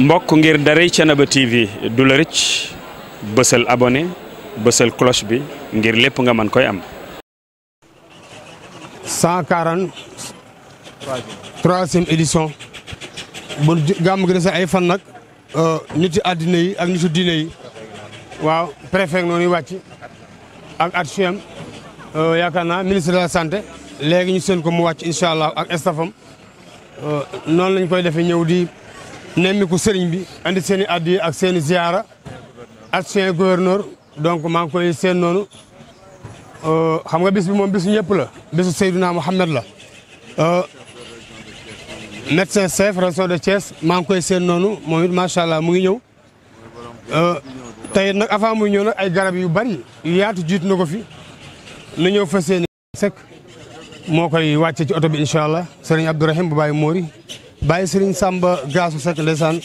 mbokk ngir daray Thiénaba TV du la rëcc bësal abonné bësal cloche bi ngir lépp nga mën koy am. 140. troisième édition. bu gàmm gi dese ay fan nag. Euh, nit yi àddina yi ak nit yu diine yi. waaw préfet noonu wàcc. ak at suem euh, yaakaar naa ministre de la santé. léegi ñu seen ko mu wàcc incha allah ak stafam. Euh, noonu lañ koy defee ñëw di. nemmiku sëriñ bi andi seen i addi ak seeni i ziyaara ak seen gouverneur donc maa ngi koy seen noonu euh, xam nga bis bi moom bisu ñëpp la bisu Seydouna Mouhamed la euh, médecin chef région de Thiès maa ngi koy seen noonu moom it macha allah mu ngi ñëw euh, tey nag avant muy ñëw nag ay garab yu bari yaatu jiit na ko fi nu ñëw fas yéene moo koy wàcce ci oto bi incha allah sëriñ Abdourahim bu bàyyi Mori bàyyi Serigne Samba Gassou Seck ndeysaan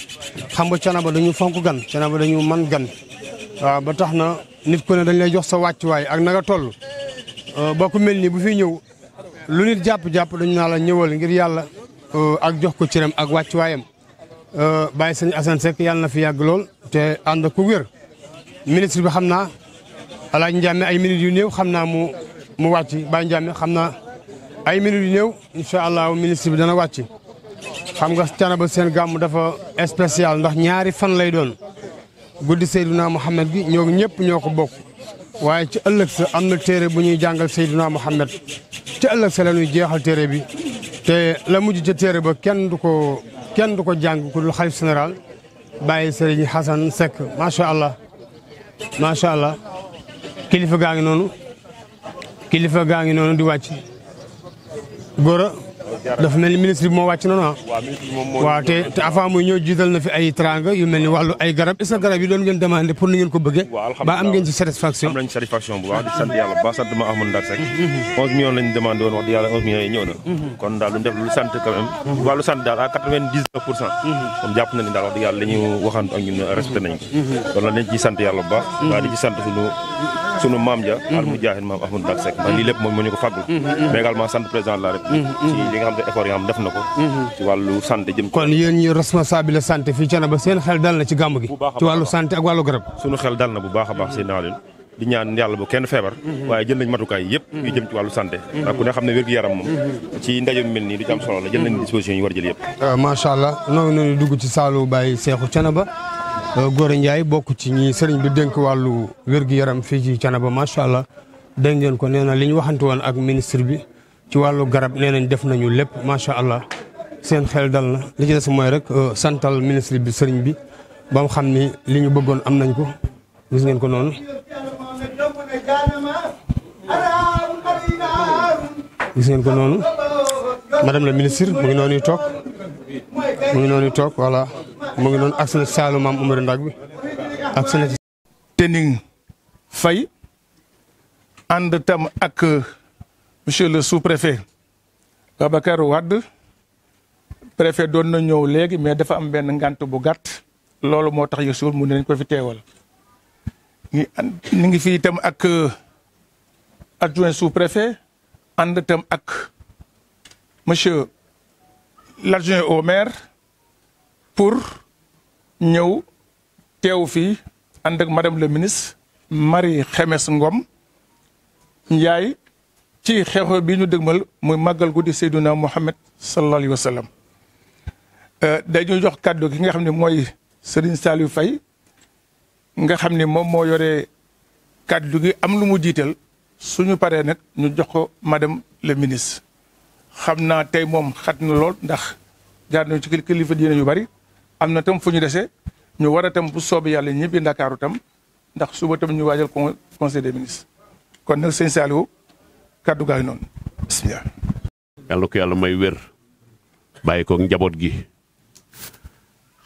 xam nga canaba dañu fonk gan canaba dañu man gan waaw ba tax na nit ku ne dañ lay jox sa wàccuwaay ak naga toll euh, boo ko mel ni bu fi ñëw lu nit jàpp-jàpp dañu naa la ñëwal ngir yàlla euh, ak jox ko cëram ak wàccuwaayam euh, bàyyi Serigne Assane Seck yàlla na fi yàgg lool te ànd ku wér ministre bi xam naa Alaaji Ndiame ay minutes yu néew xam naa mu mu wàcc Baye xam naa ay minutes yu néew incha allah ministre bi dana wàcc xam nga Thiénaba seen gàmm dafa spécial ndax ñaari fan lay doon guddi Seydouna Mohamed bi ñoo ñëpp ñoo ko bokk waaye ci ëllëg am na téere bu ñuy jàngal Seydouna Mohamed ci ëllëg sa jeexal téere bi te la mujj ca téere ba kenn du ko kenn du ko jàng ku dul xalif général bàyyi Serigne Hassan Seck macha allah macha allah kilifa gaa ngi noonu kilifa gaa ngi noonu di wàcc góora dafa mel ni ministre moo wàcc noonu ah. waaw te te avant ñëw jiital na fi ay tranga yu mel ni wàllu ay garab est-ce garab yi doon ngeen demandé pour ni ngeen ko bëggee. ba am ngeen ci satisfaction. bu baax di sant yàlla ba sant daal lu ñu def lu pour cent. jàpp na ni daal wax dëgg yàlla waxantu ak ñun respecté nañ ko. kon nag sant yàlla bu baax. waaw ci sant suñu sunu maam ja al mu jaaxin maam Ahmadou Ndak Seck ndax lii lépp moom moo ko fàggul mm-hmm. mm-hmm. mais également président de la république mm-hmm. ci nga xam ne effort yi nga na ko ci wàllu santé jëm kon yéen ñi responsable la santé fii xel dal na ci gàmm gi sunu xel dal na bu baax a baax seen naalin di ñaan bu kenn feebar waaye jël nañ matukaay yëpp yu jëm ci wàllu santé ndax ku ne xam ne wér gu yaram moom ci ndaje mu mel nii du ci am solo la jël nañ disposition yi war jël yëpp euh, macha allah noonu dugg ci góor euh, Gora njaay bokk ci ñi sëriñ bi dénk wàllu wér yaram fii ci Thiénaba macha allah dégg ngeen ko nee na li ñu waxante woon ak ministre bi ci wàllu garab nee nañ def nañu lépp macha allah seen xel dal na li ci des mooy rek euh, santal ministre bi sëriñ bi ba mu xam ni li ñu bëggoon am nañ ko gis ngeen ko noonu. gis ngeen ko noonu madame la ministre mu ngi noonu toog. mu ngi noonu toog voilà mu ngi noonu agsi na ci saalu maam bi agsi na ci. Tening Faye ànd tam ak monsieur le sous-préfet Babacar Wade préfet doon na ñëw léegi mais dafa am benn ngant bu gàtt loolu moo tax yësul mu ne nañ ko fi teewal ñu ñu ngi fi itam ak adjoint sous-préfet ànd tam ak monsieur. l'adjoint au maire pour ñëw teew fii ànd ak madame le ministre Marie Xemes Ngom Ndiaye ci xeexoo bi ñu dëgmal muy màggal guddi Seydina Mohamed sallallahu alayhi wa sallam euh, dañu jox kàddu ki nga xam ne mooy Serigne Saliou Faye nga xam ne moom moo yore kàddu gi am lu mu jiital suñu paree nag ñu jox ko madame le ministre. xam naa tey moom xat na lool ndax jaar nañu ci kilifa diine yu bari am na tam fu ñu desee ñu war a tam bu soobee yàlla ñibbi ndakaaru tam ndax suba tam ñu waajal conseil des ministres kon nag sëñ Saliou kaddu gaay noonu yàlla na ko yàlla may wér bàyyi ko njaboot gi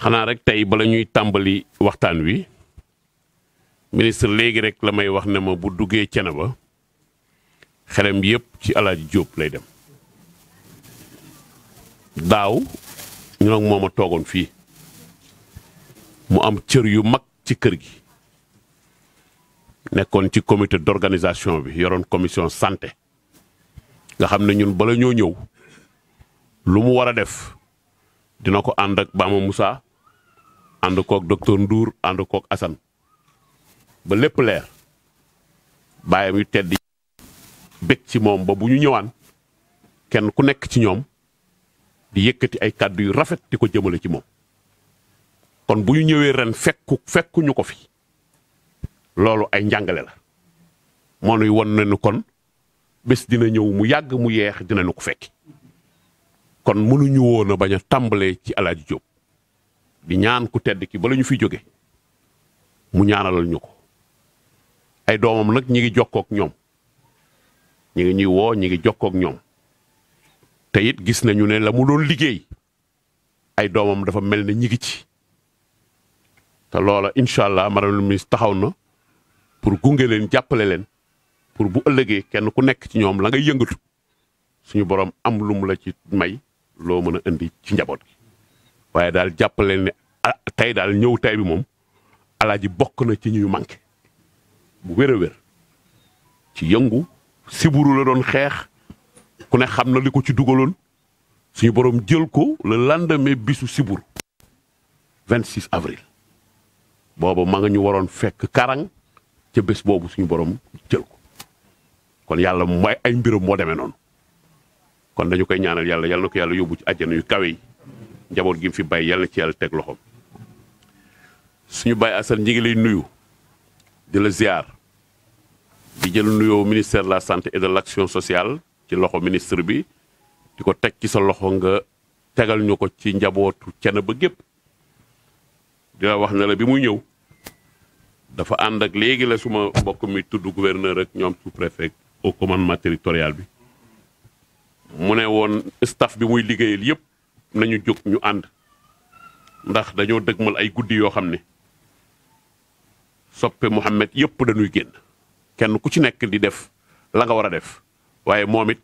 xanaa rek tey bala ñuy tàmbali waxtaan wi ministre léegi rek la may wax ne ma bu duggee cene ba xelam yépp ci Alaaji Jóob lay dem daaw ñu nag moom a toogoon fii mu am cër yu mag ci kër gi nekkoon ci comité d'organisation bi yoroon commission sante nga xam ne ñun bala ñoo ñëw lu mu war a def dina ko ànd ak Bama Moussa ànd kook docteur Ndour ànd kook Assane ba lépp leer bàyyam yu tedd bëgg ci moom ba bu ñu ñëwaan kenn ku nekk ci ñoom di yëkkati ay kàddu yu rafet di ko jëmale ci moom kon bu ñu ñëwee ren fekku fekkuñu ko fi loolu ay njàngale la moo nuy won nañu kon bés dina ñëw mu yàgg mu yeex dinañu ko fekki kon mënuñu woon a bañ a tàmbalee ci Alaaji Jóob di ñaan ku tedd ki bala ñu fi jóge mu ñaanalal ñu ko ay doomam nag ñi ngi jokkook ñoom ñi ngi ñuy woo ñi ngi jokkook ñoom te it gis nañu ne la mu doon liggéey ay doomam dafa mel ne ñi ci te loola incha allah madame le taxaw na pour gunge leen jàppale leen pour bu ëllëgee kenn ku nekk ci ñoom la ngay yëngatu suñu borom am lu la ci may loo mën a indi ci njaboot gi waaye daal jàppale ne ah, tey daal ñëw tey bi moom alaaji bokk na ci ñuy manqué bu wér wér ci yëngu siburu la doon xeex. ku ne xam na li ko ci duggaloon suñu borom jël ko le lendemain bisu sibur 26 avril booba ma nga ñu waroon fekk karang ca bés boobu suñu borom jël ko kon yàlla mooy ay mbiram moo demee noonu kon dañu koy ñaanal yàlla yàlla na ko yàlla yóbbu ci àjjana yu kawe yi njaboot gi mu fi bay yàlla na ci yàlla teg loxoom suñu bay Assane ñi lay nuyu di la ziar di jël nuyoo ministère de la santé et de l'action sociale ci loxo ministre bi di ko teg ci sa loxo nga tegal ñu ko ci njabootu Thiénaba gépp di la wax na la bi muy ñëw dafa ànd ak léegi la suma mbokk mi tudd gouverneur ak ñoom sous-préfet oo commandement territorial bi mu ne woon staff bi muy liggéeyal yépp nañu jóg ñu ànd ndax dañoo dëgmal ay guddi yoo xam ne soppe Mouhamed yépp dañuy génn kenn ku ci nekk di def la nga war a def waaye moom it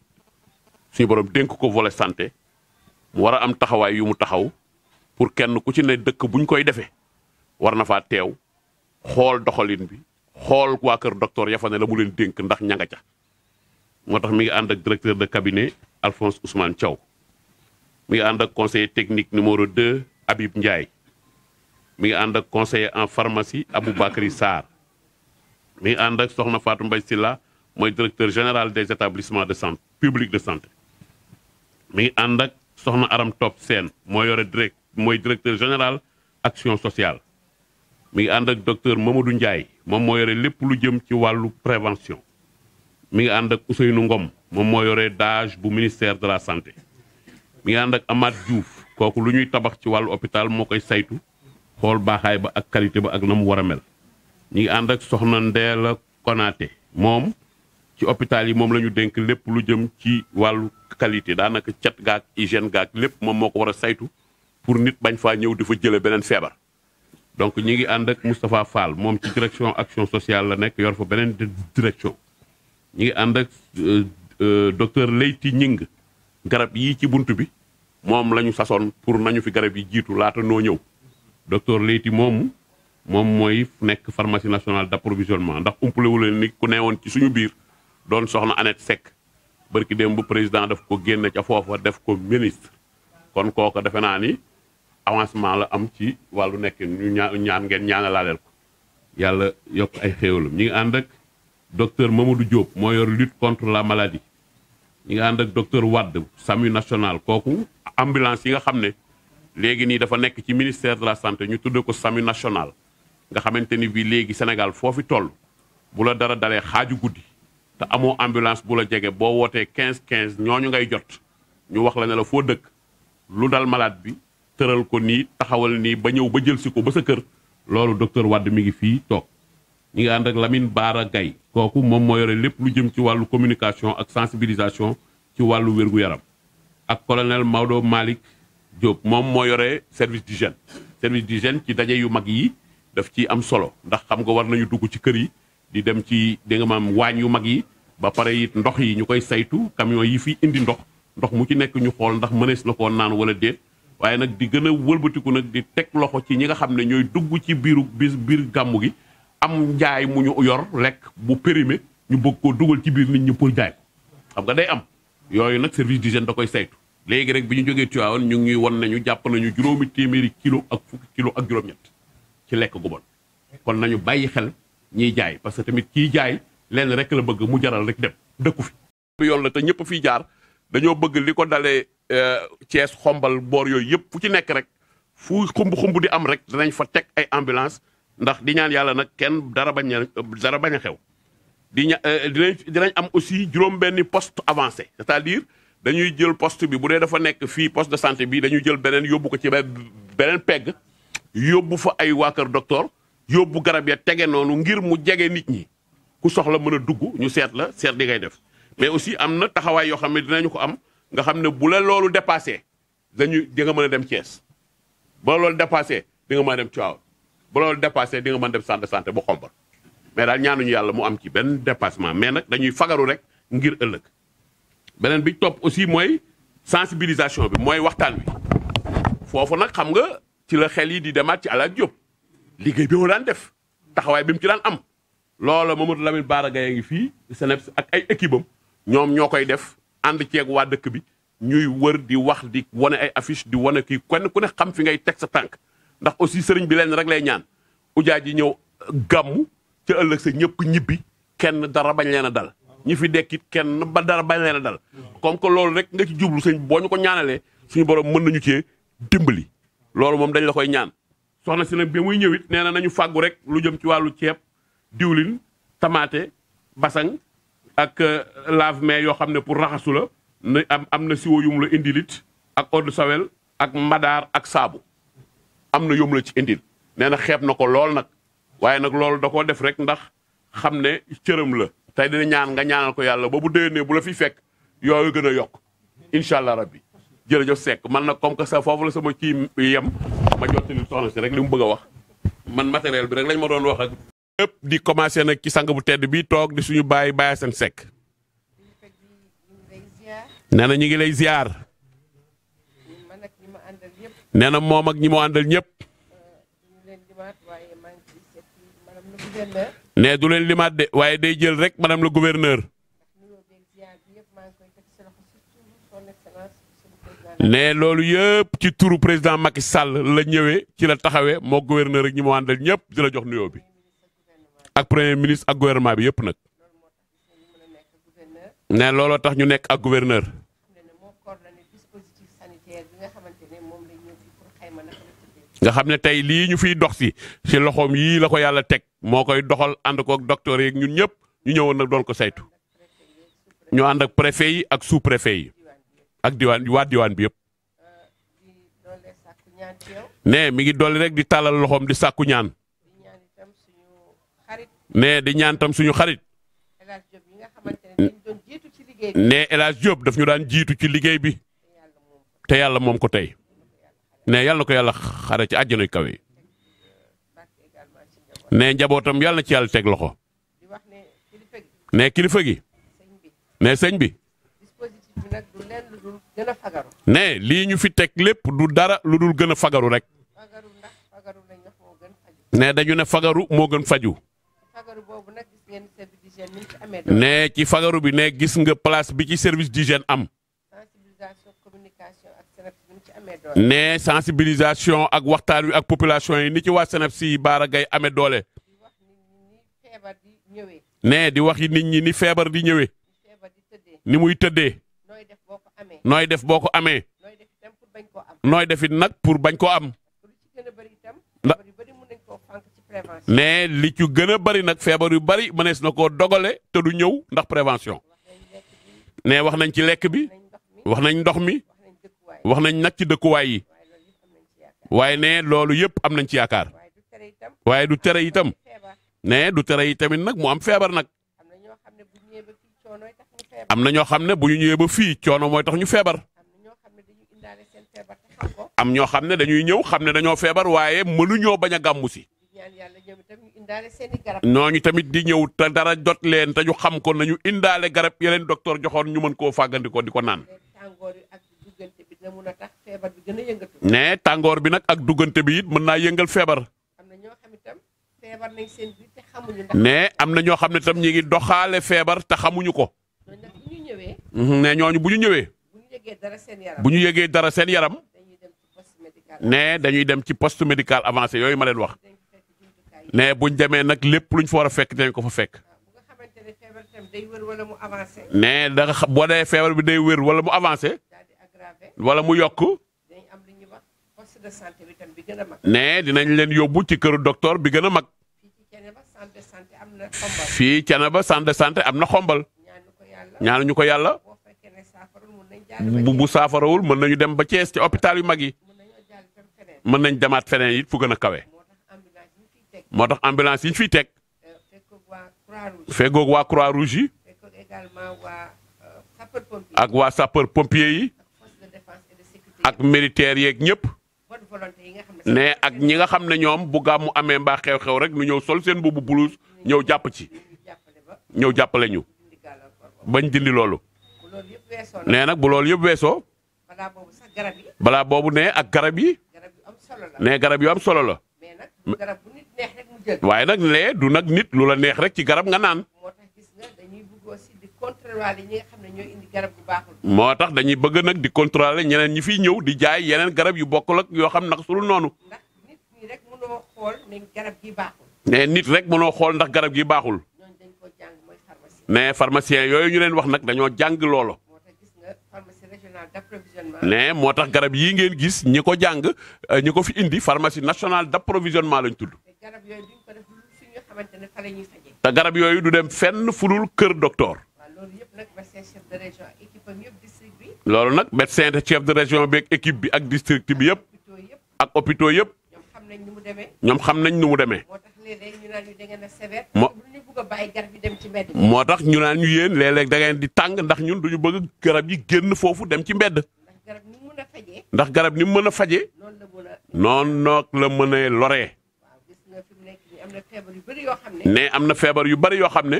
suñu borom dénk ko volet santé mu war a am taxawaay yu mu taxaw pour kenn ku ci ne dëkk buñ koy defee war na faa teew xool doxalin bi xool waa kër docteur yafa ne la mu leen dénk ndax ñanga ca moo tax mi ngi ànd ak directeur de cabinet Alphonse Ousmane Thiaw mi ngi ànd ak conseiller technique numéro 2 Habib Ndiaye mu ngi ànd ak conseiller en pharmacie Aboubacry Sarr mi ngi ànd ak soxna Fatou Mbaye Silla mooy directeur général des établissements de santé public de santé mi ngi ànd ak soxna Aram Top seen moo yore direct mooy directeur général action sociale mi ngi ànd ak docteur Mamadou njaay moom moo yore lépp lu jëm ci wàllu prévention mi ngi ànd ak Ousseynou Ngom moom moo yore DAGE bu ministère de la santé mi ngi ànd ak Amath Diouf kooku lu ñuy tabax ci wàllu hôpital moo koy saytu xool baaxaay ba ak qualité ba ak na mu war a mel ñi ngi ànd ak soxna Ndeela Konaté moom ci hôpital yi moom la ñu dénk lépp lu jëm ci wàllu qualité daanaka cet gaak hygiène gaak lépp moom moo ko war a saytu pour nit bañ faa ñëw di fa jële beneen feebar donc ñi ngi ànd ak Moustapha Fall moom ci direction action sociale la nekk yor fa beneen direction ñi ngi ànd ak euh, euh, docteur Leyti Ñing garab yii ci bunt bi moom lañu sasoon pour nañu fi garab yi jiitu laata noo ñëw docteur Leyti moomu moom mooy nekk pharmacie nationale d'approvisionnement ndax umpale wu leen ni ku neewoon ci suñu biir doon soxna Annette Seck barki dem bu président daf ko génn ca foofa def ko ministre kon kooka defe naa ni avancement la am ci wàllu nekk ñu ñaan ngeen ñaanalaaleel ko yàlla yokk ay xéewalam ñi ngi ànd ak docteur Mamadou Diop moo yor lutte contre la maladie ñi ngi ànd ak docteur wàdd SAMU national kooku ambulance yi nga xam ne léegi nii dafa nekk ci ministère de la sante ñu tudd ko SAMU national nga xamante ni bii léegi Sénégal foofi toll bu la dara dalee xaaju guddi te amoo ambulance bu la jege boo wootee quinze quinze ñooñu ngay jot ñu wax la ne la foo dëkk lu dal malade bi tëral ko nii taxawal nii ba ñëw ba jël si ko ba sa kër loolu docteur Wade mi ngi fii toog ñi ngi ànd ak lamin Baara Gaye kooku moom moo yore lépp lu jëm ci wàllu communication ak sensibilisation ci wàllu wérgu yaram ak colonel Maodo Malick Diop moom moo yore service d'hygiène service d'hygiène ci daje yu mag yi daf ci am solo ndax xam nga war nañu dugg ci kër yi di dem ci dégg nga waañ yu mag yi ba pare it ndox yi ñu koy saytu camion yi fii indi ndox ndox mu ci nekk ñu xool ndax mënees la koo naan wala déet waaye nag di gën a wëlbatiku nag di teg loxo ci ñi nga xam ne ñooy dugg ci biiru bis biir gàmmu gi am njaay mu ñu yor lekk bu périmé ñu bëgg koo dugal ci biir nit ñi pour jaay ko xam nga day am yooyu nag service d'hygiène da koy saytu léegi rek bi ñu jógee Tivaouane ñu ngi won nañu jàpp nañu juróomi téeméeri kilo ak fukki kilo ak juróom ci lekk gu bon kon bàyyi xel ñiy jaay parce que tamit kii jaay lenn rek la bëgg mu jaral rek dem dëkku fi. yoon la te ñëpp fiy jaar dañoo bëgg li ko dalee euh, Thiès xombal boor yooyu yëpp fu ci nekk rek fu xumb xumb di am rek danañ fa teg ay ambulance ndax di ñaan yàlla nag kenn dara bañ a dara bañ a xew. di ña euh, di dinañ am aussi juróom-benni poste avancé cest à dañuy jël post bi bu dee dafa nekk fii post de santé bi dañuy jël beneen yóbbu ko ci beneen pegg yóbbu fa ay waa kër docteur. yóbbu garab ya tege noonu ngir mu jege nit ñi ku soxla mën a dugg ñu seet la seet li ngay def mais aussi am na taxawaay yoo xam ne dinañu ko am nga xam ne bu la loolu dépassé dañu di nga mën a dem Thiès ba loolu dépassé di nga mën a dem Tivaouane ba loolu dépassé di nga mën a dem centre de santé bu xombal mais daal ñaanuñu yàlla mu am ci benn dépassement mais nag dañuy fagaru rek ngir ëllëg beneen bi topp aussi mooy sensibilisation bi mooy waxtaan wi foofu nag xam nga ci la xel yi di demaat ci alaaj liggéey bi mu daan def taxawaay bi mu ci daan am loola Mamadou Lamine Bara Gaye a ngi fii Seneps ak ay équipe ñoom ñoo koy def ànd ceeg waa dëkk bi ñuy wër di wax di wane ay affiche di wane kii kenn ku ne xam fi ngay teg sa tànk ndax aussi sëriñ bi leen rek lay ñaan ujaa ji ñëw gàmmu ca ëllëg sa ñëpp ñibbi kenn dara bañ leen a dal ñi fi dekkit kenn ba dara bañ na dal comme que loolu rek nga ci jublu sëñ boo ñu ko ñaanalee suñu borom mën nañu cee dimbali loolu moom dañ la koy ñaan soxna si nag bi muy ñëwit nee na nañu fàggu rek lu jëm ci wàllu ceeb diwlin tamaate basang ak euh, lave-mains yoo xam ne pour raxasu la na am am na siwo yum la indilit ak ordu sawel ak madaar ak saabu am na yum la ci indil nee na xeeb na ko lool nag waaye nag loolu da koo def rek ndax xam ne cërëm la te dina ñaan nga ñaanal ko yàlla ba bu déwénee bu la fi fekk yooyu gën a yokk incha allah rabbi jërëjëf Seck man na comme que sa foofu la sama kii yem ma jottali soxna si rek li mu bëgg a wax man matériel bi rek lañ ma doon wax ak lépp di commencé nag ci sang bu tedd bi toog di suñu baay bàyyi seen Seck nee na ñu ngi lay ziar nee na moom ak ñi mu àndal ñëpp ne du leen limaat de waaye day jël rek madame le gouverneur ne loolu yëpp ci turu président Macky Sall la ñëwee ci la taxawee moo gouverneur rek ñi mu àndal ñëpp di la jox nuyoo bi ak premier ministre ak gouvernement bi yëpp nag. ne looloo tax ñu nekk ak gouverneur. nga xam ne tey lii ñu fiy dox si loxoom yii la ko yàlla teg moo koy doxal ànd ko ak docteur yeeg ñun ñëpp ñu ñëwoon nag doon ko saytu. ñu ànd ak préfet yi ak sous préfet yi. ak diwaan waa diwaan bi yëpp. ne mi ngi dolli rek di tàllal loxoom di sàkku ñaan. ne di ñaan tam suñu xarit. ne El Hadj Diop daf ñu daan jiitu ci liggéey bi. te yàlla moom ko tey. ne yàlla ko yàlla xare ci àjjana kaw yi. njabootam yàlla ci yàlla teg loxo. ne kilifa gi. ne sëñ bi. ne lii ñu fi teg lépp du dara lu dul gën a fagaru rek ne dañu ne fagaru moo gën faju ne ci fagaru bi ne gis nga place bi ci service d'hygiène am ne sensibilisation ak waxtaan wi ak population yi ni ci waa Sénégal si baara gay amee doole ne di wax yi nit ñi ni feebar di ñëwee ni muy tëddee nooy def boo ko amee nooy defit nag pour bañ koo am ne li ci gën a bari nag feebar yu bari mënees na koo dogale te du ñëw ndax prévention ne wax nañ ci lekk bi wax nañ ndox mi wax nañ nag ci dëkkuwaay yi waaye ne loolu yëpp am nañ ci yaakaar waaye du tere itam ne du tere yi tamit nag mu am feebar nag am na ñoo xam ne bu ñu ñëwee ba fii coono mooy tax ñu feebar. am ñoo xam ne dañuy ñëw xam ne dañoo feebar waaye mënuñoo bañ a gàmmu si. ñooñu tamit di ñëw te dara dot leen te xam ko nañu indaale garab yeneen docteur joxoon ñu mën koo fàggandikoo di ko naan. ne tàngoor bi nag ak duggante bi it mën naa yëngal feebar. ne am na ñoo xam ne tam ñi ngi doxaale feebar te xamuñu ko. ne mhm, ñooñu bu ñu ñëwee. bu ñu yëgee dara seen yaram. ne dañuy dem ci poste médical avancé yooyu ma leen wax. ne buñ demee nag lépp luñ fa war a fekk dinañ ko fa fekk. Ah, ne da xam boo dee feebar bi day wér wala mu avancé. wala mu yokk. ne dinañ leen yóbbu ci këru docteur bi gën a mag. fii Thiénaba centre de santé am na xombal. ñaanuñu ko yàlla bu saafarawul mën nañu dem ba Thiès ci hôpital yu mag yi mën nañ demaat feneen it fu gën a kawe. moo tax ambulance yi fiy teg feggoog waa croix rouge yi ak waa sapeur pompier yi ak militaire yeeg ñëpp ne ak ñi nga xam ne ñoom bu gàmmu amee mbaa xew-xew rek nu ñëw sol seen boobu blouse ñëw jàpp ci ñëw jàppale ñu. bañ dindi loolu. nee nag bu loolu yëpp weesoo. balaa boobu nee ak garab yi. nee garab yu am solo la. waaye nag nee du nag nit lu la neex rek ci garab nga naan. moo tax dañuy bëgg nag di contrôler ñeneen ñi fiy ñëw di jaay yeneen garab yu bokkul ak yoo xam ndax su noonu. ne nit rek mënoo xool ndax garab gi baaxul. mais pharmacien yooyu ñu leen wax nag dañoo jàng loolo. ne moo tax garab yii ngeen gis ñi ko jàng euh, ñi ko fi indi pharmacie nationale d'approvisionnement lañ tudd. te garab yooyu du dem fenn fulul kër docteur. loolu nag médecin chef de région bi ak équipe bi ak district bi yëpp. ak hôpitaux yëpp. xam nañ nu mu demee. ñoom xam nañ nu mu demee. moo moo tax ñu naan ñu yéen léeg-léeg da di tàng ndax ñun duñu bëgg garab yi génn foofu dem ci mbedd. ndax garab ni mu mën a faje noon noog la mën a loree. ne am na feebar yu bari yoo xam ne.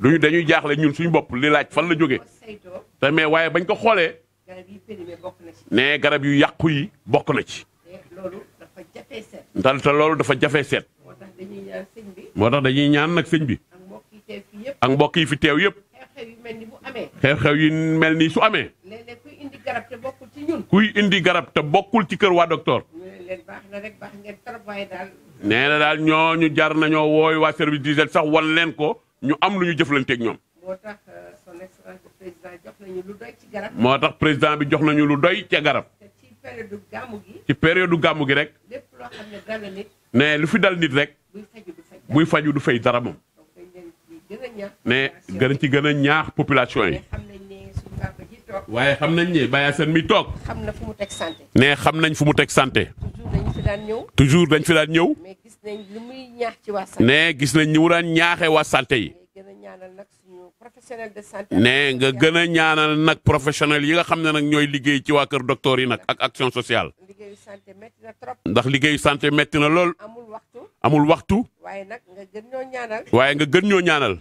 duñu dañuy jaaxle ñun suñu bopp li laaj fan la jóge te mais waaye bañ ko xoolee. ne garab yu yàqu yi bokk na ci. ndax loolu dafa jafe seet. moo tax dañuy ñaan nag sëñ bi ak mbokk yi fi teew yëpp xew-xew yi mel ni su amee kuy indi garab te bokkul ci kër waa docteur nee na daal ñooñu jar nañoo wooy waa service d'hygiène sax wan leen ko ñu am lu ñu jëflanteeg ñoom. moo tax euh, son excellence président jox nañu lu doy ci garab. moo tax président bi jox nañu lu doy ca garab. ci période gàmmu gi. gi rek. lépp lu fi dal nit rek. muy faju du fay dara moom mais gën ci gën a ñaax population yi xam nañ ne Baye mi toog xam na fu mu xam nañ fu mu teg santé toujours dañ fi daan ñëw mais gis nañ ci waa santé gis nañ ni mu daan ñaaxee waa santé yi ne nga gën a ñaanal nag professionel yi nga xam ne nag ñooy liggéey ci waa kër docteur yi nag ak action sociale ndax liggéeyu santé metti na lool amul waxtu. waaye nag nga gën ñoo ñaanal. waaye nga gën ñoo ñaanal.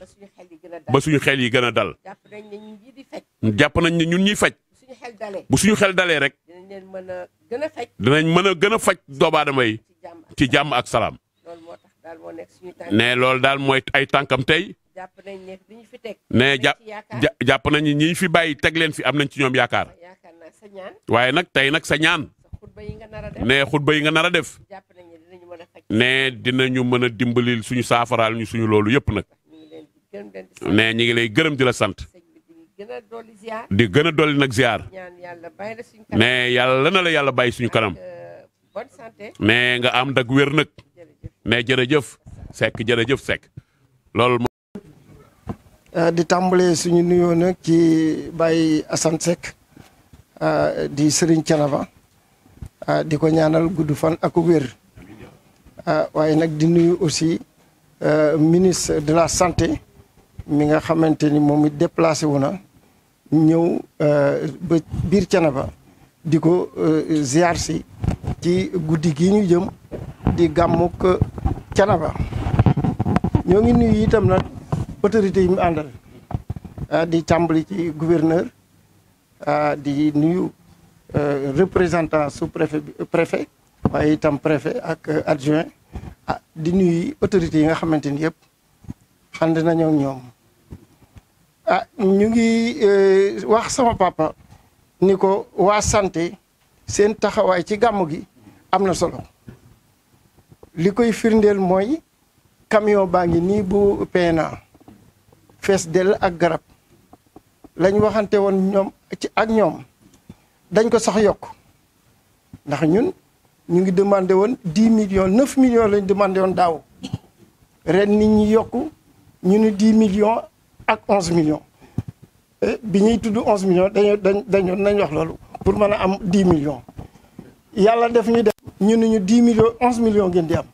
ba suñu xel yi gën a dal xel yi gën dal. jàpp nañ ne ñun ñii faj. ñuy faj. bu suñu xel bu suñu xel dalee rek. dinañ mën a gën faj. dinañ mën a gën a faj doomu aadama ci jàmm ak salaam ne loolu daal mooy ay tànkam tey. jàpp nañ ne li ñu fi teg. ne jàpp nañ ne ñi fi bàyyi teg leen fi am nañ ci ñoom yaakaar. waaye nag tey nag sa ñaan. ne xutba yi nga nar def. dina dinañu mën a dimbalil suñu saafaraal ñu suñu loolu yëpp nag ne ñu ngi lay gërëm di la sant di gën a dolli nag ziar ne yàlla na la yàlla bàyyi suñu kanam ne nga am ndag wér nag ne jërëjëf sekk jërëjëf sekk loolu ah, di tàmbalee suñu nuyoo nag ci Baye Assane Seck ah, di Serigne Thiénaba ah, di ko ñaanal gudd fan ak wér Ah, waaye nag di nuyu aussi euh, ministre de la santé mi nga xamante ni moom déplacé wu na ñëw euh, ba biir Thiénaba di ko euh, ziar si ci guddi gi ñu jëm di gàmmuk Thiénaba ñoo ngi nuyu itam nag autorités yi mu àndal ah, di tàmbali ci gouverneur ah, di nuyu représentant sous préfet préfet waaye itam préfet ak euh, adjoint ah di nuyu autorités yi nga xamante ni yëpp ànd nañoo ñoom ah ñu ngi euh, wax sama papa ni ko waa santé seen taxawaay ci gàmm gi am na solo li koy firndeel mooy camion baa ngi nii bu PNA fees dell ak garab lañ waxante woon ñoom ci ak ñoom dañ ko sox yokk ndax ñun ñu ngi demandé woon dix million neuf millions lañu demande woon daaw ren nit ñi yokk ñu ne dix million ak onze millions eh, bi ñuy tudd onze millions dañoo dañ dañoo nañ wax loolu pour mën a am dix million yàlla def ñu def ñu ne ñu dix millions onze millions ngeen di am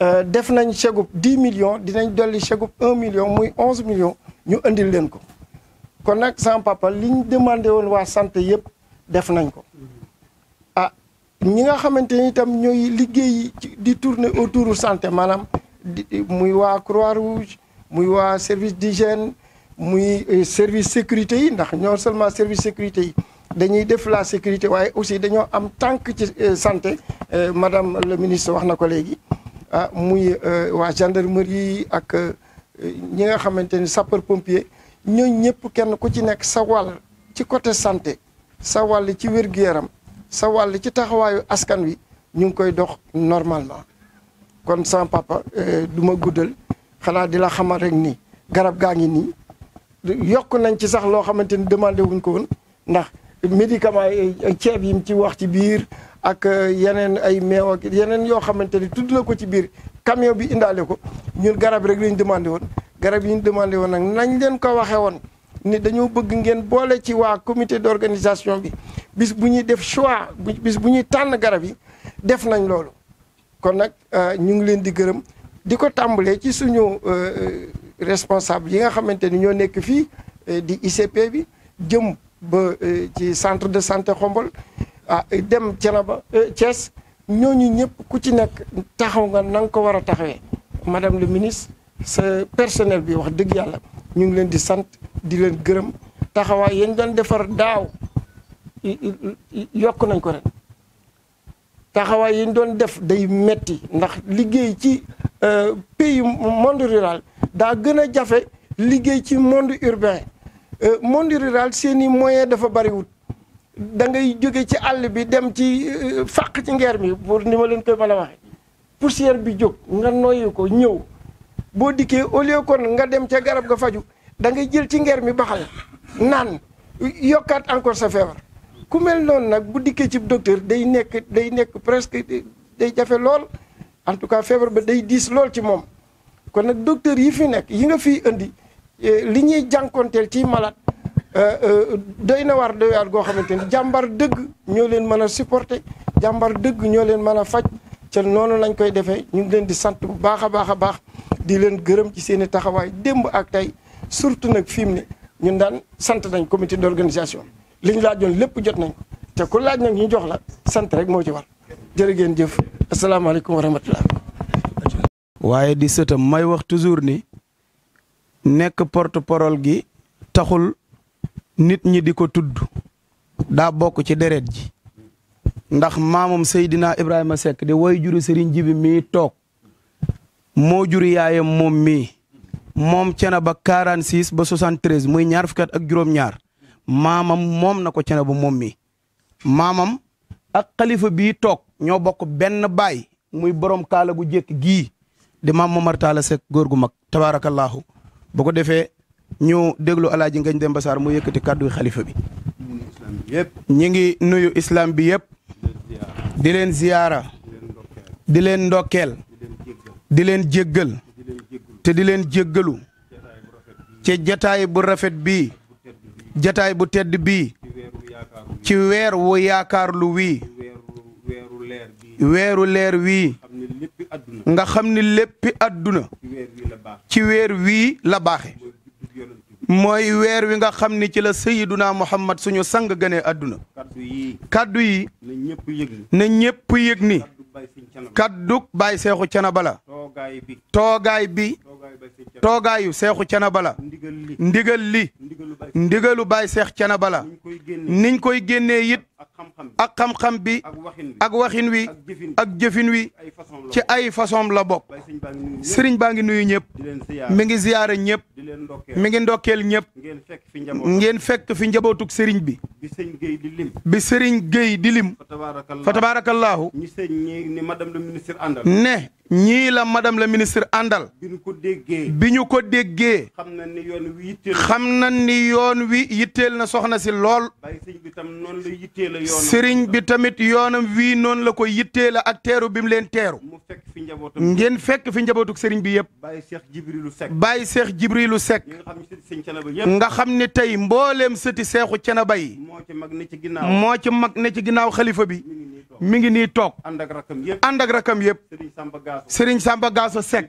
eh, def nañ chegub dix million dinañ dolli chegub un million muy onze millions ñu indil leen ko kon nag sama papa liñ demandé woon waa santé yëpp def nañ ko ñi nga xamante ni itam ñooy liggéey di tourner autour santé maanaam muy waa croix rouge muy waa service di d'hygiène muy euh, service sécurité yi ndax ñoo seulement service sécurité yi dañuy def la sécurité waaye aussi dañoo am tànk ci euh, santé euh, madame le ministre wax na ko léegi ah muy waa gendarmerie ak ñi nga xamante ni sapeur pompier ñooñ ñëpp kenn ku ci nekk sa wàll ci côté santé sa wàll ci wér-gu-yaram sa wàll ci taxawaayu askan wi ñu ngi koy dox normalement kon sama papa euh, du ma guddal xanaa di la xamal rek nii garab gaa ngi nii yokk nañ ci sax loo xamante ni demande wuñ ko woon ndax médicament yi ceeb yim ci wax ci biir ak euh, yeneen ay meew yeneen yoo xamante ni tudd na ko ci biir camion bi indaale ko ñun garab rek lañ demandé woon garab yi ñu demandé woon nag nañ leen ko waxee woon ni dañoo bëgg ngeen boole ci waa comité organisation bi bis bu ñuy def choix bis bu ñuy tànn garab yi def nañ loolu kon nag euh, ñu ngi leen di gërëm di ko tàmbalee ci suñu euh, responsable yi nga xamante ni ñoo nekk fii euh, di ICP bi jëm ba ci centre de santé Xombol ah dem Thiénaba Thiès ñooñu ñëpp ku ci nekk taxaw nga na nga ko war a taxawee madame le ministre sa personnel bi wax dëgg yàlla ñu ngi leen di sant di leen gërëm taxawaay yañ doon defar daaw yokk nañ ko ren taxawaay yi doon def day metti ndax liggéey ci euh, pays monde rural daa gën a jafe liggéey ci monde urbain euh, monde rural seeni moyen dafa bariwut da ngay jóge ci àll bi dem ci euh, fàq ci ngeer mi pour ni ma leen koy mën a waxe poussière bi jóg nga noyyi ko ñëw boo dikkee au lieu kon nga dem ca garab ga faju da ngay jël ci ngeer mi baxal naan yokkaat encore sa feebar ku mel noonu nag bu dikkee ci docteur day nekk day nekk presque day jafe lool en tout cas feebar ba day diis lool ci moom kon nag docteur yi fi nekk yi nga fiy indi eh, li ñuy jànkonteel ciy malade eh, eh, doy na waar doy waar goo xamante ni jàmbar dëgg ñoo leen mën a supporter jàmbar dëgg ñoo leen mën a faj ca noonu lañ koy defee ñu ngi leen di sant bu baax a baax a baax di leen gërëm ci seen i taxawaay démb ak tey surtout nag fi mu ne ñun daan sant nañ comité d'organisation li ñu laajoon lépp jot nañ te ku laaj nag ñu jox la sant rek moo ci war jërë ngeen jëf asalaamaaleykum wa rahmatulah. waaye di sëtam may wax toujours ni nekk porte gi taxul nit ñi di ko tudd daa bokk ci deret ji ndax maamam Seydina Ibrahima Seck di way juru Serigne Jibi mi toog moo jur yaayam moom mii moom cena ba ba 73 muy ñaar fukki ak juróom-ñaar maamam moom na ko cene ba moom mi maamam ak xalifa bii toog ñoo bokk benn baay muy borom kaala gu jékk gii di maam Momar Talla góor gu mag tabaarakallaahu bu ko defee ñu déglu alaaji Ngagne Demba Sarr mu yëkkati kàddu xalifa bi ñi ngi nuyu islaam bi yépp di leen ziyaara di leen ndokkeel di leen jéggal te di leen jéggalu ci jataay bu rafet bii jataay bu tedd bii ci weer wu yaakaar lu wii weeru leer wii nga xam ni lépp adduna ci weer wii la baaxe mooy weer wi nga xam ni ci la sayiduna muhammad suñu sang gënee àdduna kàddu yi na ñépp yëg ni kadduk baay seexu cana bala toogaay bi toogaayu seexu canaba la ndigal li ndigalu baay seex canaba la niñ koy génnee yit ak xam-xam bi ak waxin wi ak jëfin wi ci ay façon la bokk sëriñ baa ngi nuyu ñëpp mi ngi ziyaara ñëpp mi ngi ndokkeel ñëpp ngeen fekk fi njabootug sëriñ bi bi sëriñ Gueye di lim fa tabaarakallaahu nee ñii la madame la ministre àndal. bi ko déggee. bi ñu ko déggee. xam na ni yoon wi yitteel. xam na ni yoon wi yitteel na soxna si lool. waaye bi tam noonu la bi tamit yoonam wi noon la ko yitteel ak teeru bi mu leen teeru. mu fekk fi njabootam ngeen fekk fi njabootuk sëriñ bi yëpp. bàyyi seex jibrilu sekk. bàyyi seex jibrilu sekk. nga xam ne tey mbooleem sëti seexu canaba yi. moo ci mag ne ci ginnaaw moo ci mag ne ci ginnaaw xalifa bi. mi ngi nii toog. ànd ak rakam yëpp ànd ak rakam yëpp. Serigne Samba Gasso Serigne Samba Gasso Seck.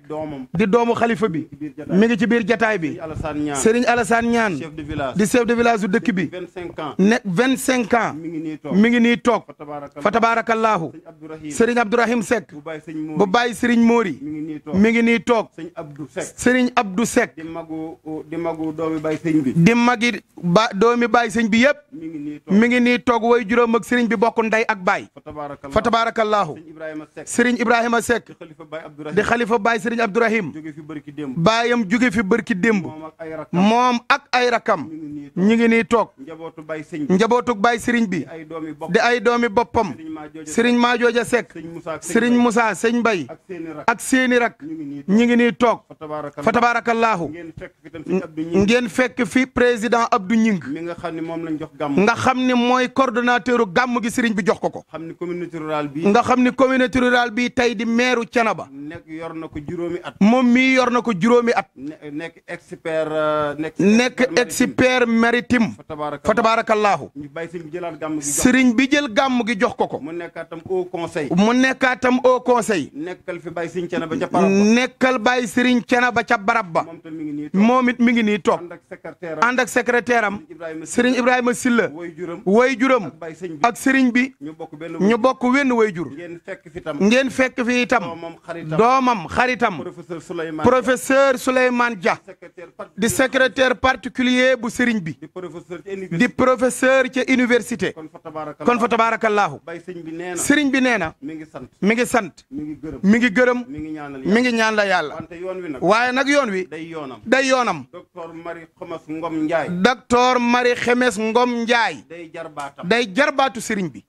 di doomu xalifa bi. mi ngi ci biir jataay bi. Serigne Alassane Niane di chef de village su dëkk bi. nekk vingt cinq ans. mi ngi nii toog fa tabaarakallaahu. Serigne Abdourahim Seck. bu bàyyi Serigne Mori. mi ngi nii toog. Serigne Abdou Seck. di magu di magu doomi bàyyi sëñ bi. di magi ba doomi bàyyi sëñ bi yëpp. mi ngi nii toog way juróom ak Serigne bi bokk ndey ak fa tabaarakallaahu sëriñ Ibrahima Seck di xalifa baay sëriñ Abdourahim baayam jóge fi bërki démb moom ak ay rakam ñu ngi nii toog njabootuk baay sëriñ bi di ay doomi boppam sëriñ Maajooja Seck sëriñ Moussa Sëñ Mbay ak seeni rak ñu ngi nii toog fa tabaarakallaahu ngeen fekk fi président Abdou Ñing nga xam ni mooy coordonnateur gàmm gi bi jox ko communauté rurale bi nga xam ni communauté rurale bi tey di meeru Thiénaba nekk yor na ko juróomi at moom mii yor na ko juróomi at euh, nekk expert nekk expert maritime fa tabaarakallaahu sëriñ bi jël gàmm gi jox ko ko mu nekkaatam au conseil mu nekkaatam au conseil nekkal fi bàyyi sëriñ Thiénaba ca ba nekkal bàyyi sëriñ Thiénaba ca barab ba moom it mi ngi nii toog ànd ak secrétaire am sëriñ Ibrahima Silla way juram ak sëriñ bi ñu bokk wenn way jur ngeen fekk fi itam ngeen fekk fi itam doomam xaritam professeur Souleymane Dia di secrétaire particulier bu sëriñ bi di professeur ca université kon fa tabaarakallaahu sëriñ bi nee na mi ngi sant mi ngi sant mi ngi gërëm mi ngi ñaan la yàlla waaye nag yoon wi day yoonam docteur mari Xemes Ngom Ndiaye day jarbaatu sëriñ bi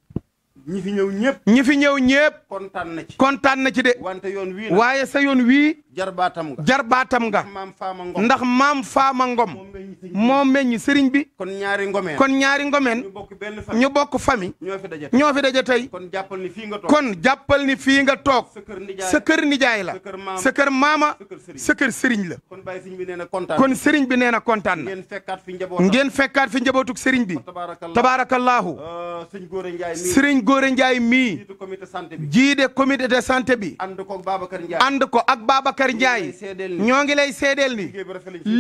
ñi fi ñëw ñëpp. ñi fi ñëw ñëpp. kontaan na ci kontaan na ci de. wante yoon wii waaye sa yoon wii. jarbaatam nga jarbaatam nga. ndax maam faama ngom. moo meññ sëriñ bi. kon ñaari ngomeen kon ñaari ngomeen. ñu bokk famille ñoo fi daje tey ñoo fi daje tey. kon jàppal ni fii nga toog kon jàppal ni fii nga toog. sa kër nijaay la sa kër maama sa kër sëriñ la. kon sëriñ bi nee na kontaan na. ngeen fekkaat fi njabootuk sëriñ bi. tabaarakallahu euh, sëriñ Gora Ndiaye mii jiite comité de santé bi ànd ko ak Babacar Ndiaye ànd ko ak Babacar Ndiaye ñoo ngi lay seedeel ni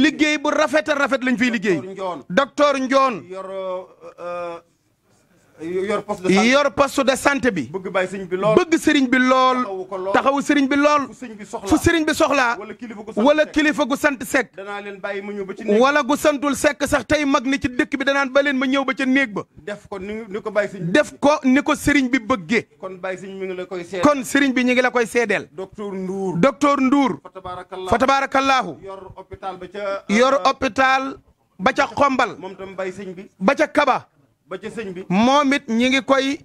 liggéey bu rafet a rafet lañ fiy liggéey docteur Ndion yor euh, yor poste de santé yor poste de santé bi. bëgg bàyyi sëriñ bi lool bëgg sëriñ bi lool. taxawu sëriñ bi lool. fu sëriñ bi soxlaa. wala kilifa gu sant sekk. danaa leen bàyyi ma ñëw ba ci néeg wala gu santul sekk sax tey mag ni ci dëkk bi danaan ba leen ma ñëw ba ca néeg ba. def ko ni ko bàyyi sëriñ bi def ko ni ko sëriñ bi bëggee. kon bàyyi sëriñ mi ngi la koy seedeel kon sëriñ bi ñu ngi la koy seedeel. docteur Ndour docteur Ndour. fa tabaarakallaahu yor hôpital ba ca. yor euh, hôpital ba ca xombal. moom tam bàyyi sëriñ bi ba ca kaba ba ci sëñ bi moom it ñi ngi koy.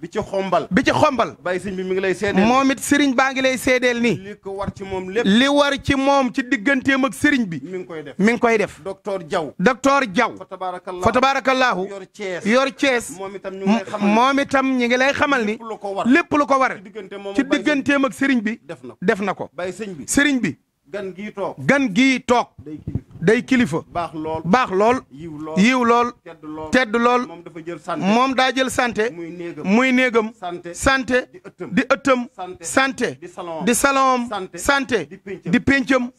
bi ci xombal bi ci xombal. bàyyi bi mi ngi lay seedeel moom it sëriñ baa ngi lay seedeel ni li ko war ci moom lépp. li war ci moom ci digganteem ak sëriñ bi. mi ngi koy def mi ngi koy def. docteur Diaw. docteur Diaw. fa tabaarakallaahu yor Cees yor Cees. moom itam ñu ngi lay xamal moom itam ñu ngi lay xamal ni. lépp lu ko war ci digganteem ak sëriñ bi. def na ko def na ko. bàyyi sëñ bi sëriñ bi. gan gi toog gan gii toog. day kilifa baax lool baax lool yiw lool tedd lool moom daa jël santé muy néegam santé di ëttam santé di salon am santé di péncam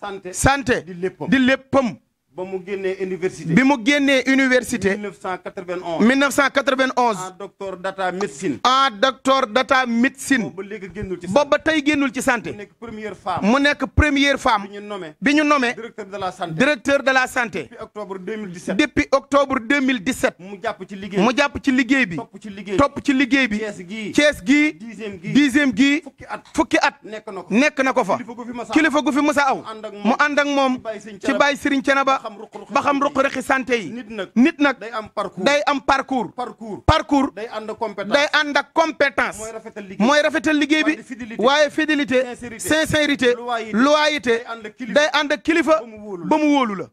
santé di léppam ba mu génnee université. bi mu génnee université. 1991. 1991. en docteur data médecine. en docteur data médecine. boobu ba génnul ci santé. boobu tey génnul ci santé. mu nekk première femme. mu nekk première femme. bi ñu nommé. bi ñu nommé directeur de la santé. directeur de la santé. depuis octobre 2017. depuis octobre 2017. mu jàpp ci liggéey bi mu jàpp ci liggéey topp ci liggéey bi topp ci liggéey bi. fukki at fukki at. nekk na ko fa nekk na ko fa. kilifa gu fi mës a aw. mu ànd ak moom ci bàyyi Serigne Thiénaba ba xam ruq-ruqi santé yi nit nag day am parcours day am parcours parcours day ànd ak compétence day ànd ak compétence mooy rafetal liggéey bi waaye fidélité sincérité loyauté day ànd ak kilifa ba mu wóolu la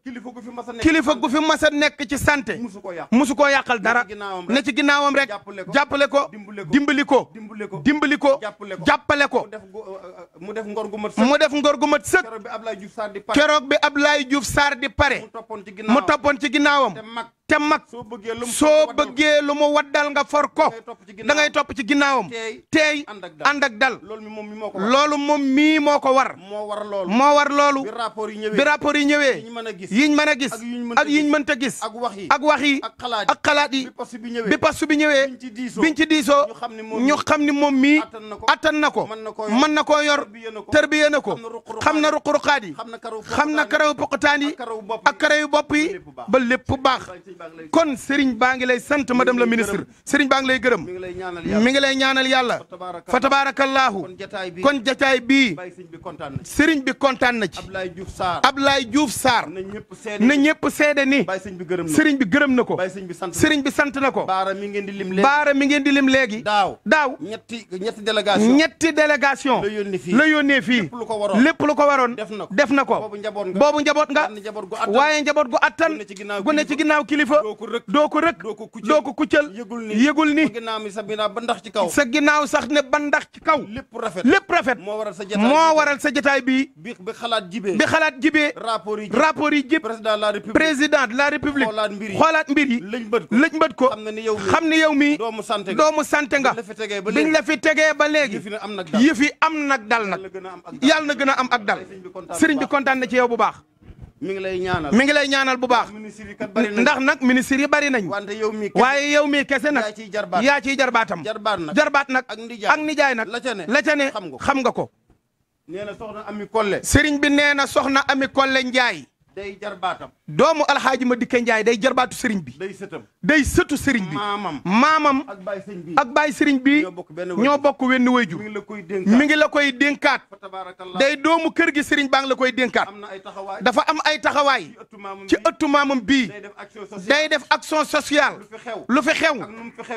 kilifa gu fi mas a nekk ci santé musu koo yàqal dara ne ci ginnaawam rek jàppale ko dimbali ko dimbali ko jàppale ko mu uh, uh, def ngor gu mat sëkk keroog bi Ablaye Diouf Sarr di pare mu toppoon ci ginnaawam te mag soo bëggee lu mu waddal nga for ko da ngay topp ci ginnaawam teey ànd ak dal loolu moom mii moo ko war moo war loolu bi rapport yi ñëwee yiñ mën a gis ak yiñ mënta gis ak wax yi ak xalaat yi bi poste bi ñëwee biñ ci diisoo ñu xam ni moom mii na ko mën na koo yor tërbiye na ko xam na ruq-ruqaat yi xam na karaw poqotaan kare yu bopp yi ba lépp baax kon Serigne baa ngi lay sant madame la ministre Serigne baa ngi lay gërëm mi ngi lay ñaanal yàlla fa tabaarakallaahu kon jataay bii Serigne bi kontaan na ci Ablaye Diouf Sarr na ñëpp seede ni Serigne bi gërëm na ko Serigne bi sant na ko baara mi ngeen di lim léegi baara mi ngeen di lim léegi daaw daaw ñetti ñetti délégation ñetti délégation la yónnee fii lépp lu ko waroon def na ko boobu njaboot nga waaye njaboot gu attan gu ne ci ginnaaw kilifa doo ko rëkk doo ko kuccal yëgul ni sa ginnaaw sax ne ba ndax ci kaw lépp rafet moo waral sa jataay bi bi xalaat jibee rapport yi jib président de la république xoolaat mbir yi lëj mbët ko xam ne yow mi doomu sante nga biñ la fi tegee ba léegi yëf yi am nag dal nag yàlla na gën a am ak dal sëriñ bi kontaan na ci yow bu baax mi ngi lay ñaanal mi ngi lay ñaanal bu baax. ndax nag ministre yi bari nañ. wante yow mii kese waaye yow mii kese nag. yaa ciy jarbaat yaa ciy jarbaatam. jarbaat nag jarbaat nag ak nijaay nag. la ca ne la ca ne xam nga ko. nee na soxna Ami Kolle. sëriñ bi nee na soxna Ami Kolle Ndiaye. day jarbaatam doomu alxaaji ma dikke njaay day jarbaatu sëriñ bi day sëtam day sëtu sëriñ bi maamam maamam ak baay sëriñ bi ak baay ñoo bokk wenn wayju mi ngi la koy dénkaat mi ngi day doomu kër gi sëriñ baa la koy dénkaat dafa am ay taxawaay ci ëttu maamam bii day def action sociale lu fi xew